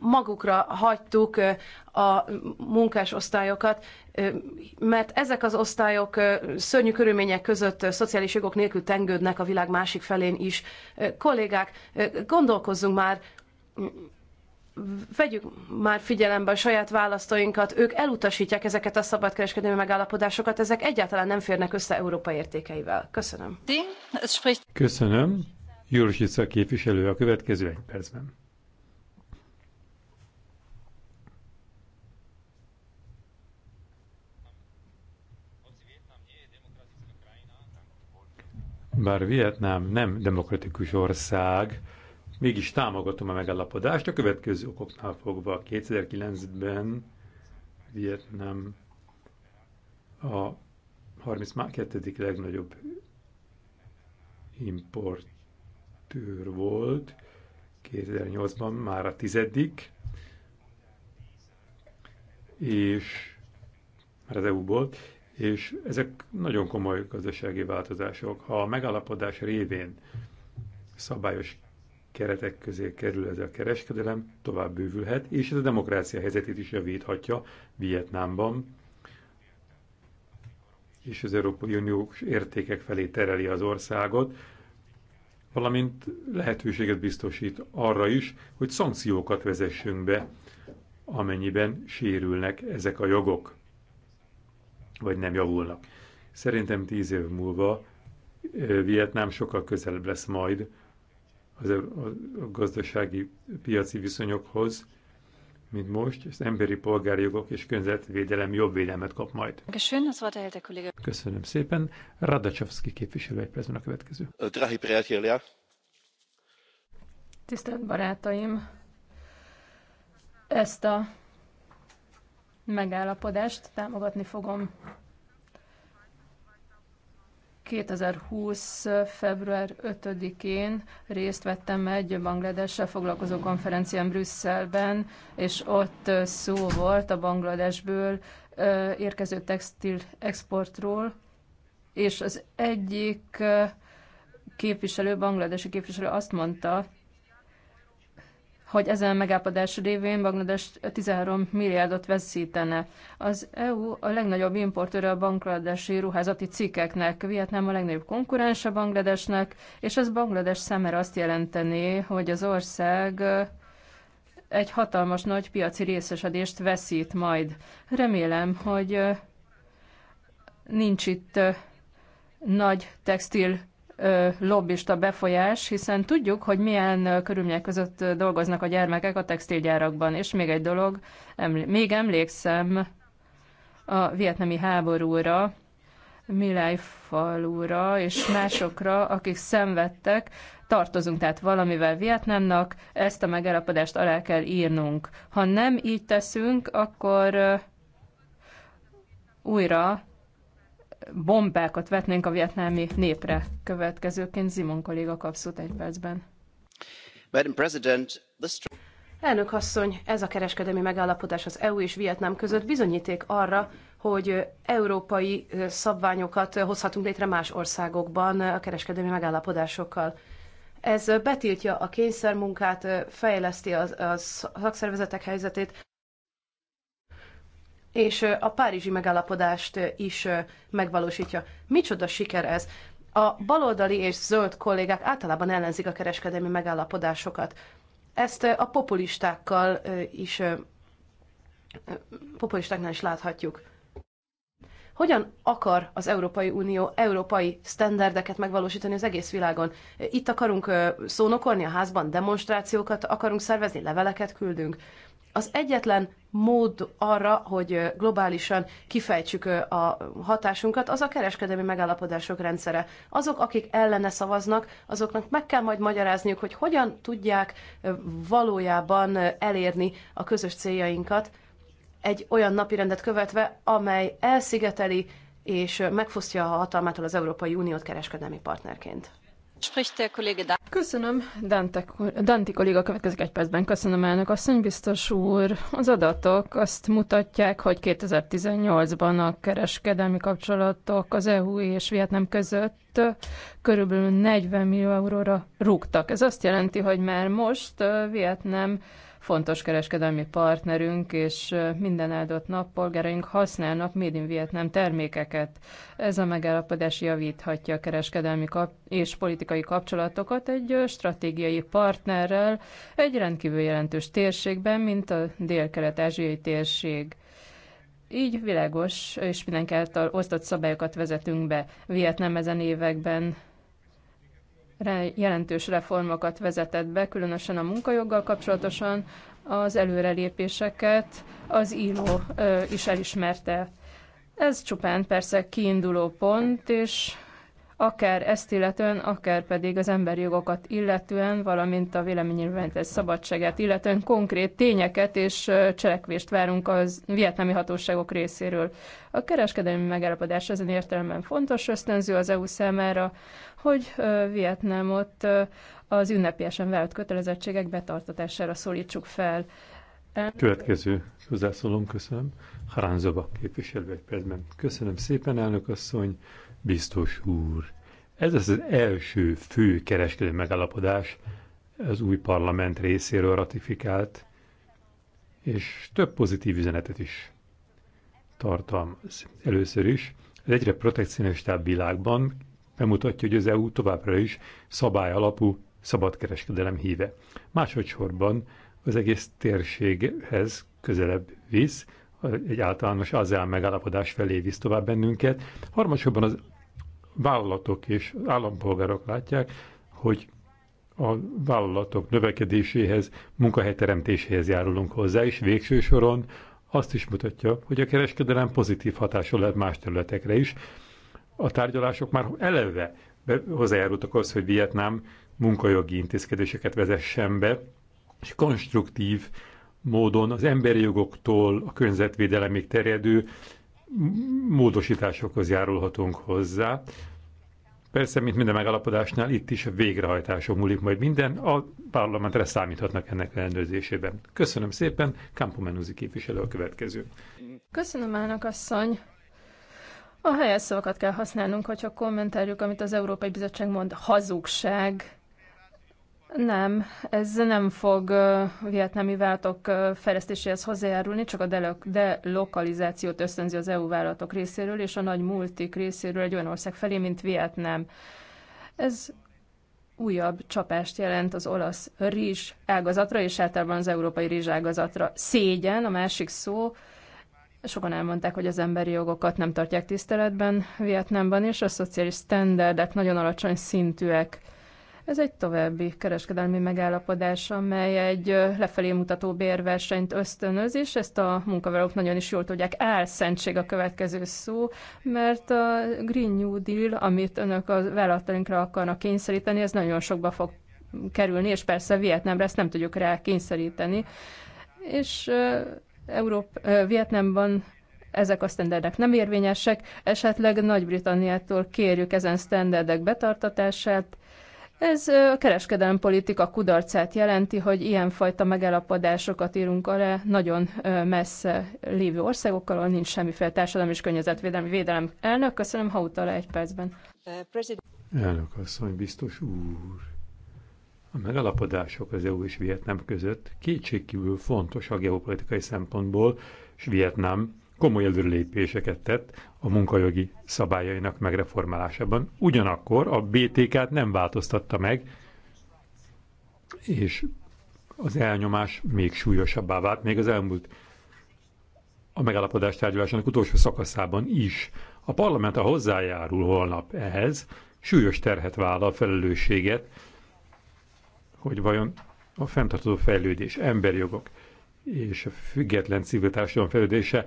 magukra hagytuk a munkásosztályokat, mert ezek az osztályok szörnyű körülmények között szociális jogok nélkül tengődnek a világ másik felén is. Kollégák, gondolkozzunk már vegyük már figyelembe a saját választóinkat, ők elutasítják ezeket a szabadkereskedelmi megállapodásokat, ezek egyáltalán nem férnek össze Európa értékeivel. Köszönöm. Köszönöm. Jurisica képviselő a következő egy percben. Bár Vietnám nem demokratikus ország, mégis támogatom a megállapodást a következő okoknál fogva. 2009-ben Vietnám a 32. legnagyobb importőr volt, 2008-ban már a tizedik, és már az EU-ból, és ezek nagyon komoly gazdasági változások. Ha a megállapodás révén szabályos keretek közé kerül ez a kereskedelem, tovább bővülhet, és ez a demokrácia helyzetét is javíthatja Vietnámban, és az Európai Unió értékek felé tereli az országot, valamint lehetőséget biztosít arra is, hogy szankciókat vezessünk be, amennyiben sérülnek ezek a jogok, vagy nem javulnak. Szerintem tíz év múlva Vietnám sokkal közelebb lesz majd az a gazdasági piaci viszonyokhoz, mint most, az emberi polgári jogok és környezetvédelem jobb védelmet kap majd. Köszönöm szépen. Radacsovszki képviselő egy percben a következő. Tisztelt barátaim! Ezt a megállapodást támogatni fogom. 2020. február 5-én részt vettem egy Bangladessel foglalkozó konferencián Brüsszelben, és ott szó volt a Bangladesből érkező textil exportról, és az egyik képviselő, bangladesi képviselő azt mondta, hogy ezen megállapodás révén Banglades 13 milliárdot veszítene. Az EU a legnagyobb importőre a bangladesi ruházati cikkeknek, Vietnám a legnagyobb konkurens a Bangladesnek, és ez Banglades szemmel azt jelenteni, hogy az ország egy hatalmas nagy piaci részesedést veszít majd. Remélem, hogy nincs itt nagy textil lobbista befolyás, hiszen tudjuk, hogy milyen körülmények között dolgoznak a gyermekek a textilgyárakban. És még egy dolog, eml- még emlékszem a vietnami háborúra, Milaj falura és másokra, akik szenvedtek, tartozunk tehát valamivel Vietnámnak, ezt a megállapodást alá kell írnunk. Ha nem így teszünk, akkor újra bombákat vetnénk a vietnámi népre. Következőként Zimon kolléga kap egy percben. Madam President, Elnök asszony, ez a kereskedelmi megállapodás az EU és Vietnám között bizonyíték arra, hogy európai szabványokat hozhatunk létre más országokban a kereskedelmi megállapodásokkal. Ez betiltja a kényszermunkát, fejleszti a, a szakszervezetek helyzetét, és a párizsi megállapodást is megvalósítja. Micsoda siker ez! A baloldali és zöld kollégák általában ellenzik a kereskedelmi megállapodásokat. Ezt a populistákkal is, populistáknál is láthatjuk. Hogyan akar az Európai Unió európai sztenderdeket megvalósítani az egész világon? Itt akarunk szónokolni a házban, demonstrációkat akarunk szervezni, leveleket küldünk. Az egyetlen mód arra, hogy globálisan kifejtsük a hatásunkat, az a kereskedelmi megállapodások rendszere. Azok, akik ellene szavaznak, azoknak meg kell majd magyarázniuk, hogy hogyan tudják valójában elérni a közös céljainkat, egy olyan napirendet követve, amely elszigeteli és megfosztja a hatalmától az Európai Uniót kereskedelmi partnerként. Köszönöm, Dante, Danti kolléga következik egy percben. Köszönöm, elnök asszony, biztos úr. Az adatok azt mutatják, hogy 2018-ban a kereskedelmi kapcsolatok az EU és Vietnám között körülbelül 40 millió euróra rúgtak. Ez azt jelenti, hogy már most Vietnám fontos kereskedelmi partnerünk, és minden áldott nap polgáraink használnak Made in Vietnam termékeket. Ez a megállapodás javíthatja a kereskedelmi kap- és politikai kapcsolatokat egy stratégiai partnerrel egy rendkívül jelentős térségben, mint a dél-kelet-ázsiai térség. Így világos és mindenki által osztott szabályokat vezetünk be. Vietnám ezen években jelentős reformokat vezetett be, különösen a munkajoggal kapcsolatosan az előrelépéseket az ILO is elismerte. Ez csupán persze kiinduló pont, és akár ezt illetően, akár pedig az emberi jogokat illetően, valamint a véleménynyilvánítás szabadságát illetően konkrét tényeket és cselekvést várunk az vietnámi hatóságok részéről. A kereskedelmi megállapodás ezen értelemben fontos ösztönző az EU számára, hogy Vietnámot az ünnepélyesen vált kötelezettségek betartatására szólítsuk fel. Következő hozzászólom, köszönöm. Harán Zoba képviselő egy percben. Köszönöm szépen, elnök asszony, biztos úr. Ez az első fő kereskedelmi megállapodás az új parlament részéről ratifikált, és több pozitív üzenetet is tartalmaz. Először is, az egyre protekcionistább világban bemutatja, hogy az EU továbbra is szabály alapú szabadkereskedelem híve. Másodszorban az egész térséghez közelebb visz, egy általános ASEAN megállapodás felé visz tovább bennünket. Harmadsorban az vállalatok és állampolgárok látják, hogy a vállalatok növekedéséhez, munkahelyteremtéséhez járulunk hozzá, és végső soron azt is mutatja, hogy a kereskedelem pozitív hatása lehet más területekre is, a tárgyalások már eleve hozzájárultak az, hogy Vietnám munkajogi intézkedéseket vezessen be, és konstruktív módon az emberi jogoktól a környezetvédelemig terjedő módosításokhoz járulhatunk hozzá. Persze, mint minden megállapodásnál, itt is a végrehajtáson múlik majd minden, a parlamentre számíthatnak ennek ellenőrzésében. Köszönöm szépen, Kampomenuzi Menuzzi képviselő a következő. Köszönöm, Ának asszony! A helyes szavakat kell használnunk, hogyha kommentáljuk, amit az Európai Bizottság mond, hazugság. Nem, ez nem fog uh, vietnámi váltok uh, fejlesztéséhez hozzájárulni, csak a delokalizációt ösztönzi az EU vállalatok részéről és a nagy multik részéről egy olyan ország felé, mint Vietnám. Ez újabb csapást jelent az olasz rizs ágazatra és általában az európai rizs ágazatra. Szégyen, a másik szó, Sokan elmondták, hogy az emberi jogokat nem tartják tiszteletben Vietnámban, és a szociális standardek nagyon alacsony szintűek. Ez egy további kereskedelmi megállapodás, amely egy lefelé mutató bérversenyt ösztönöz, és ezt a munkavállalók nagyon is jól tudják. Álszentség a következő szó, mert a Green New Deal, amit önök a vállalatainkra akarnak kényszeríteni, ez nagyon sokba fog kerülni, és persze Vietnámra ezt nem tudjuk rá kényszeríteni. És Európa, Vietnamban ezek a sztenderdek nem érvényesek, esetleg Nagy-Britanniától kérjük ezen sztenderdek betartatását. Ez a kereskedelmi politika kudarcát jelenti, hogy ilyenfajta megelapodásokat írunk alá nagyon messze lévő országokkal, ahol nincs semmiféle társadalmi és környezetvédelmi védelem. Elnök, köszönöm, ha utal egy percben. Elnök asszony, biztos úr. A megalapodások az EU és Vietnám között kétségkívül fontos a geopolitikai szempontból, és Vietnám komoly előrelépéseket tett a munkajogi szabályainak megreformálásában. Ugyanakkor a BTK-t nem változtatta meg, és az elnyomás még súlyosabbá vált, még az elmúlt a megalapodás tárgyalásának utolsó szakaszában is. A parlament, a hozzájárul holnap ehhez, súlyos terhet vállal a felelősséget, hogy vajon a fenntartó fejlődés, emberjogok és a független civil társadalom fejlődése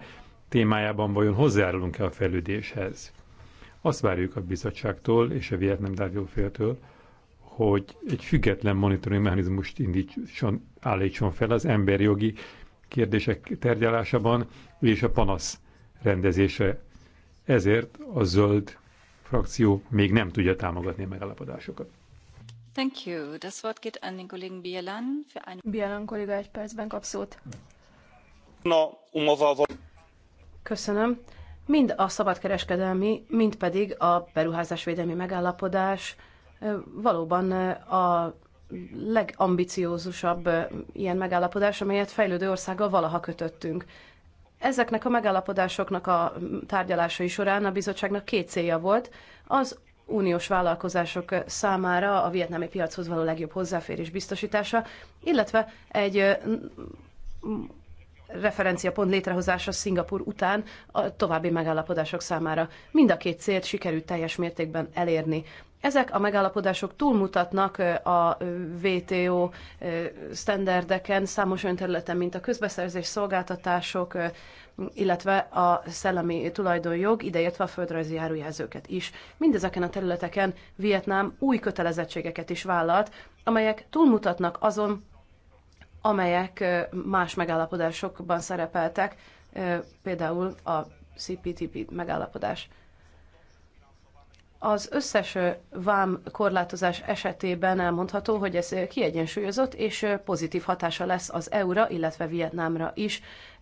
témájában vajon hozzájárulunk-e a fejlődéshez. Azt várjuk a bizottságtól és a Vietnam tárgyaló hogy egy független monitoring mechanizmust indítson, állítson fel az emberjogi kérdések tergyalásában és a panasz rendezése. Ezért a zöld frakció még nem tudja támogatni a megállapodásokat. Thank you. Das Wort geht an den Kollegen Bielan. Für Bielan egy percben kap szót. Köszönöm. Mind a szabadkereskedelmi, mind pedig a beruházásvédelmi megállapodás valóban a legambiciózusabb ilyen megállapodás, amelyet fejlődő országgal valaha kötöttünk. Ezeknek a megállapodásoknak a tárgyalásai során a bizottságnak két célja volt. Az uniós vállalkozások számára a vietnámi piachoz való legjobb hozzáférés biztosítása, illetve egy referenciapont létrehozása Szingapur után a további megállapodások számára. Mind a két célt sikerült teljes mértékben elérni. Ezek a megállapodások túlmutatnak a WTO standardeken számos önterületen, mint a közbeszerzés szolgáltatások, illetve a szellemi tulajdonjog, ideértve a földrajzi járójelzőket is. Mindezeken a területeken Vietnám új kötelezettségeket is vállalt, amelyek túlmutatnak azon, amelyek más megállapodásokban szerepeltek, például a CPTP megállapodás. Az összes vám korlátozás esetében elmondható, hogy ez kiegyensúlyozott és pozitív hatása lesz az EU-ra, illetve Vietnámra is,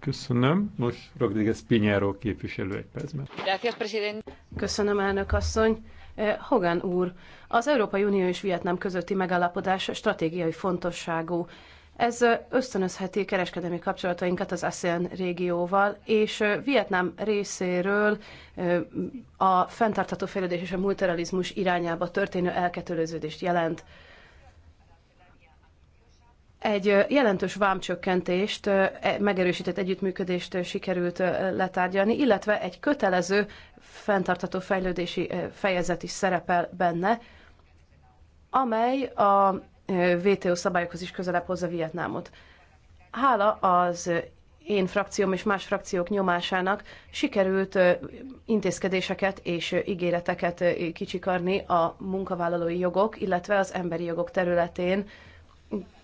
Köszönöm. Most Rodriguez Pinheiro képviselő egy percben. Köszönöm, elnök asszony. Eh, Hogan úr, az Európai Unió és Vietnám közötti megállapodás stratégiai fontosságú. Ez eh, ösztönözheti kereskedelmi kapcsolatainkat az ASEAN régióval, és eh, Vietnám részéről a fenntartható fejlődés és a multilateralizmus irányába történő elketőlőződést jelent. Egy jelentős vámcsökkentést, e, megerősített együttműködést sikerült letárgyalni, illetve egy kötelező fenntartató fejlődési fejezet is szerepel benne, amely a WTO szabályokhoz is közelebb hozza Vietnámot. Hála az én frakcióm és más frakciók nyomásának sikerült intézkedéseket és ígéreteket kicsikarni a munkavállalói jogok, illetve az emberi jogok területén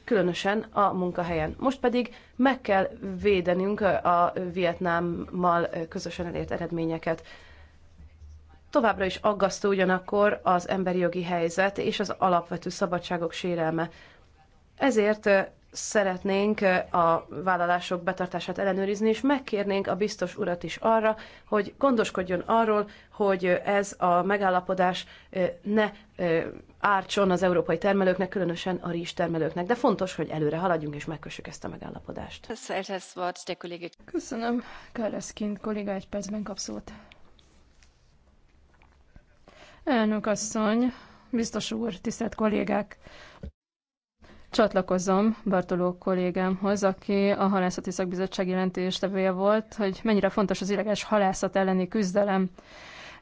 különösen a munkahelyen. Most pedig meg kell védenünk a Vietnámmal közösen elért eredményeket. Továbbra is aggasztó ugyanakkor az emberi jogi helyzet és az alapvető szabadságok sérelme. Ezért szeretnénk a vállalások betartását ellenőrizni, és megkérnénk a biztos urat is arra, hogy gondoskodjon arról, hogy ez a megállapodás ne ártson az európai termelőknek, különösen a rizs termelőknek. De fontos, hogy előre haladjunk és megkössük ezt a megállapodást. Köszönöm, Karaszkin kolléga, egy percben kap szót. Elnök asszony, biztos úr, tisztelt kollégák! Csatlakozom Bartoló kollégámhoz, aki a Halászati Szakbizottság jelentéstevője volt, hogy mennyire fontos az illegális halászat elleni küzdelem.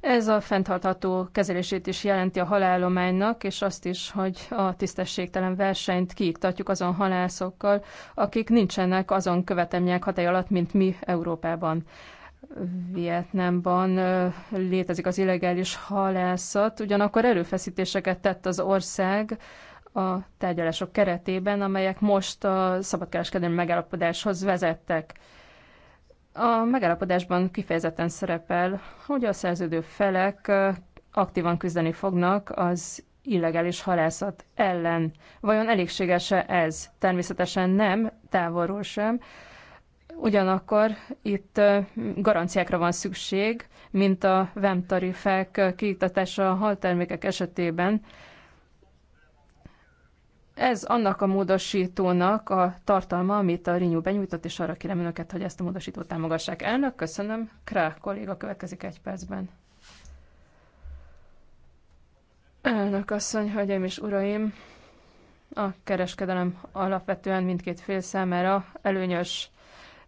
Ez a fenntartható kezelését is jelenti a halállománynak, és azt is, hogy a tisztességtelen versenyt kiiktatjuk azon halászokkal, akik nincsenek azon követelmények hatály alatt, mint mi Európában. Vietnámban létezik az illegális halászat, ugyanakkor erőfeszítéseket tett az ország a tárgyalások keretében, amelyek most a szabadkereskedelmi megállapodáshoz vezettek. A megállapodásban kifejezetten szerepel, hogy a szerződő felek aktívan küzdeni fognak az illegális halászat ellen. Vajon elégséges-e ez? Természetesen nem, távolról sem. Ugyanakkor itt garanciákra van szükség, mint a VEM tarifák kiiktatása a haltermékek esetében, ez annak a módosítónak a tartalma, amit a Rinyú benyújtott, és arra kérem önöket, hogy ezt a módosítót támogassák. Elnök, köszönöm. Krá kolléga következik egy percben. Elnök asszony, hölgyeim és uraim, a kereskedelem alapvetően mindkét fél számára előnyös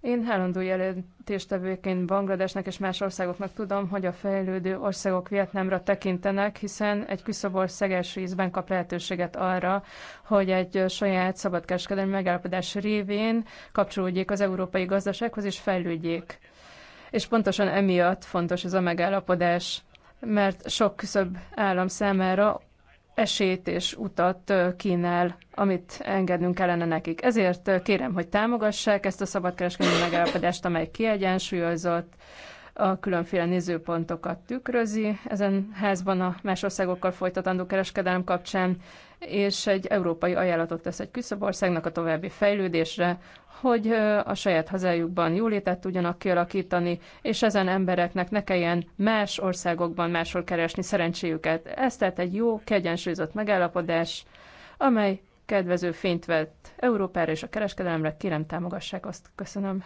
én hálandó jelentéstevőként Bangladesnek és más országoknak tudom, hogy a fejlődő országok Vietnámra tekintenek, hiszen egy küszöbország szeges részben kap lehetőséget arra, hogy egy saját szabadkereskedelmi megállapodás révén kapcsolódjék az európai gazdasághoz és fejlődjék. És pontosan emiatt fontos ez a megállapodás, mert sok küszöbb állam számára esélyt és utat kínál, amit engednünk kellene nekik. Ezért kérem, hogy támogassák ezt a szabadkereskedelmi megállapodást, amely kiegyensúlyozott, a különféle nézőpontokat tükrözi ezen házban a más országokkal folytatandó kereskedelem kapcsán, és egy európai ajánlatot tesz egy küszöbországnak a további fejlődésre, hogy a saját hazájukban jólétet tudjanak kialakítani, és ezen embereknek ne kelljen más országokban máshol keresni szerencséjüket. Ez tehát egy jó, kiegyensúlyozott megállapodás, amely kedvező fényt vett Európára és a kereskedelemre. Kérem, támogassák azt. Köszönöm.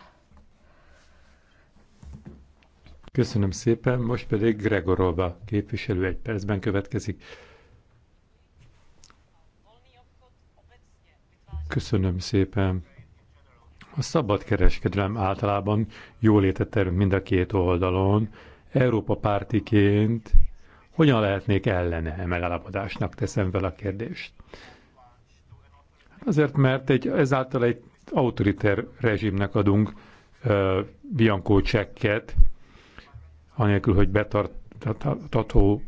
Köszönöm szépen, most pedig Gregorova képviselő egy percben következik. Köszönöm szépen. A kereskedelem általában jól terem mind a két oldalon. Európa pártiként hogyan lehetnék ellene a e megállapodásnak, teszem fel a kérdést. Hát azért, mert egy, ezáltal egy autoriter rezsimnek adunk uh, biankó csekket, anélkül, hogy betartatható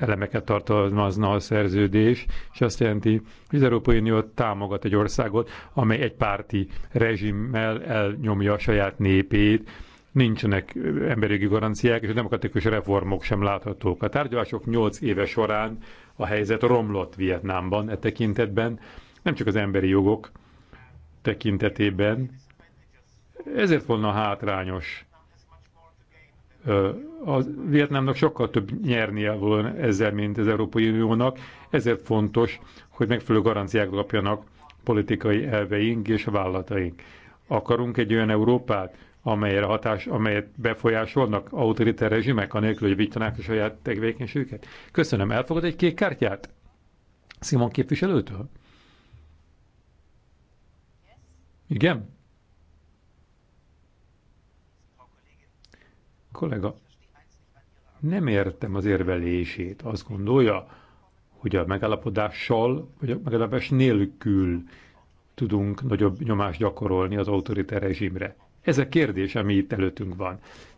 elemeket tartalmazna a szerződés, és azt jelenti, hogy az Európai Unió támogat egy országot, amely egy párti rezsimmel elnyomja a saját népét, nincsenek emberi garanciák, és a demokratikus reformok sem láthatók. A tárgyalások 8 éve során a helyzet romlott Vietnámban e tekintetben, nem csak az emberi jogok tekintetében. Ezért volna hátrányos a Vietnámnak sokkal több nyernie volna ezzel, mint az Európai Uniónak, ezért fontos, hogy megfelelő garanciák kapjanak politikai elveink és vállalataink. Akarunk egy olyan Európát, amelyre hatás, amelyet befolyásolnak autoriter rezsimek, anélkül, hogy vitanák a saját tevékenységüket? Köszönöm, elfogad egy kék kártyát? Simon képviselőtől? Igen? kollega, nem értem az érvelését. Azt gondolja, hogy a megállapodással, vagy a megállapodás nélkül tudunk nagyobb nyomást gyakorolni az autoriter rezsimre. Ez a kérdés, ami itt előttünk van.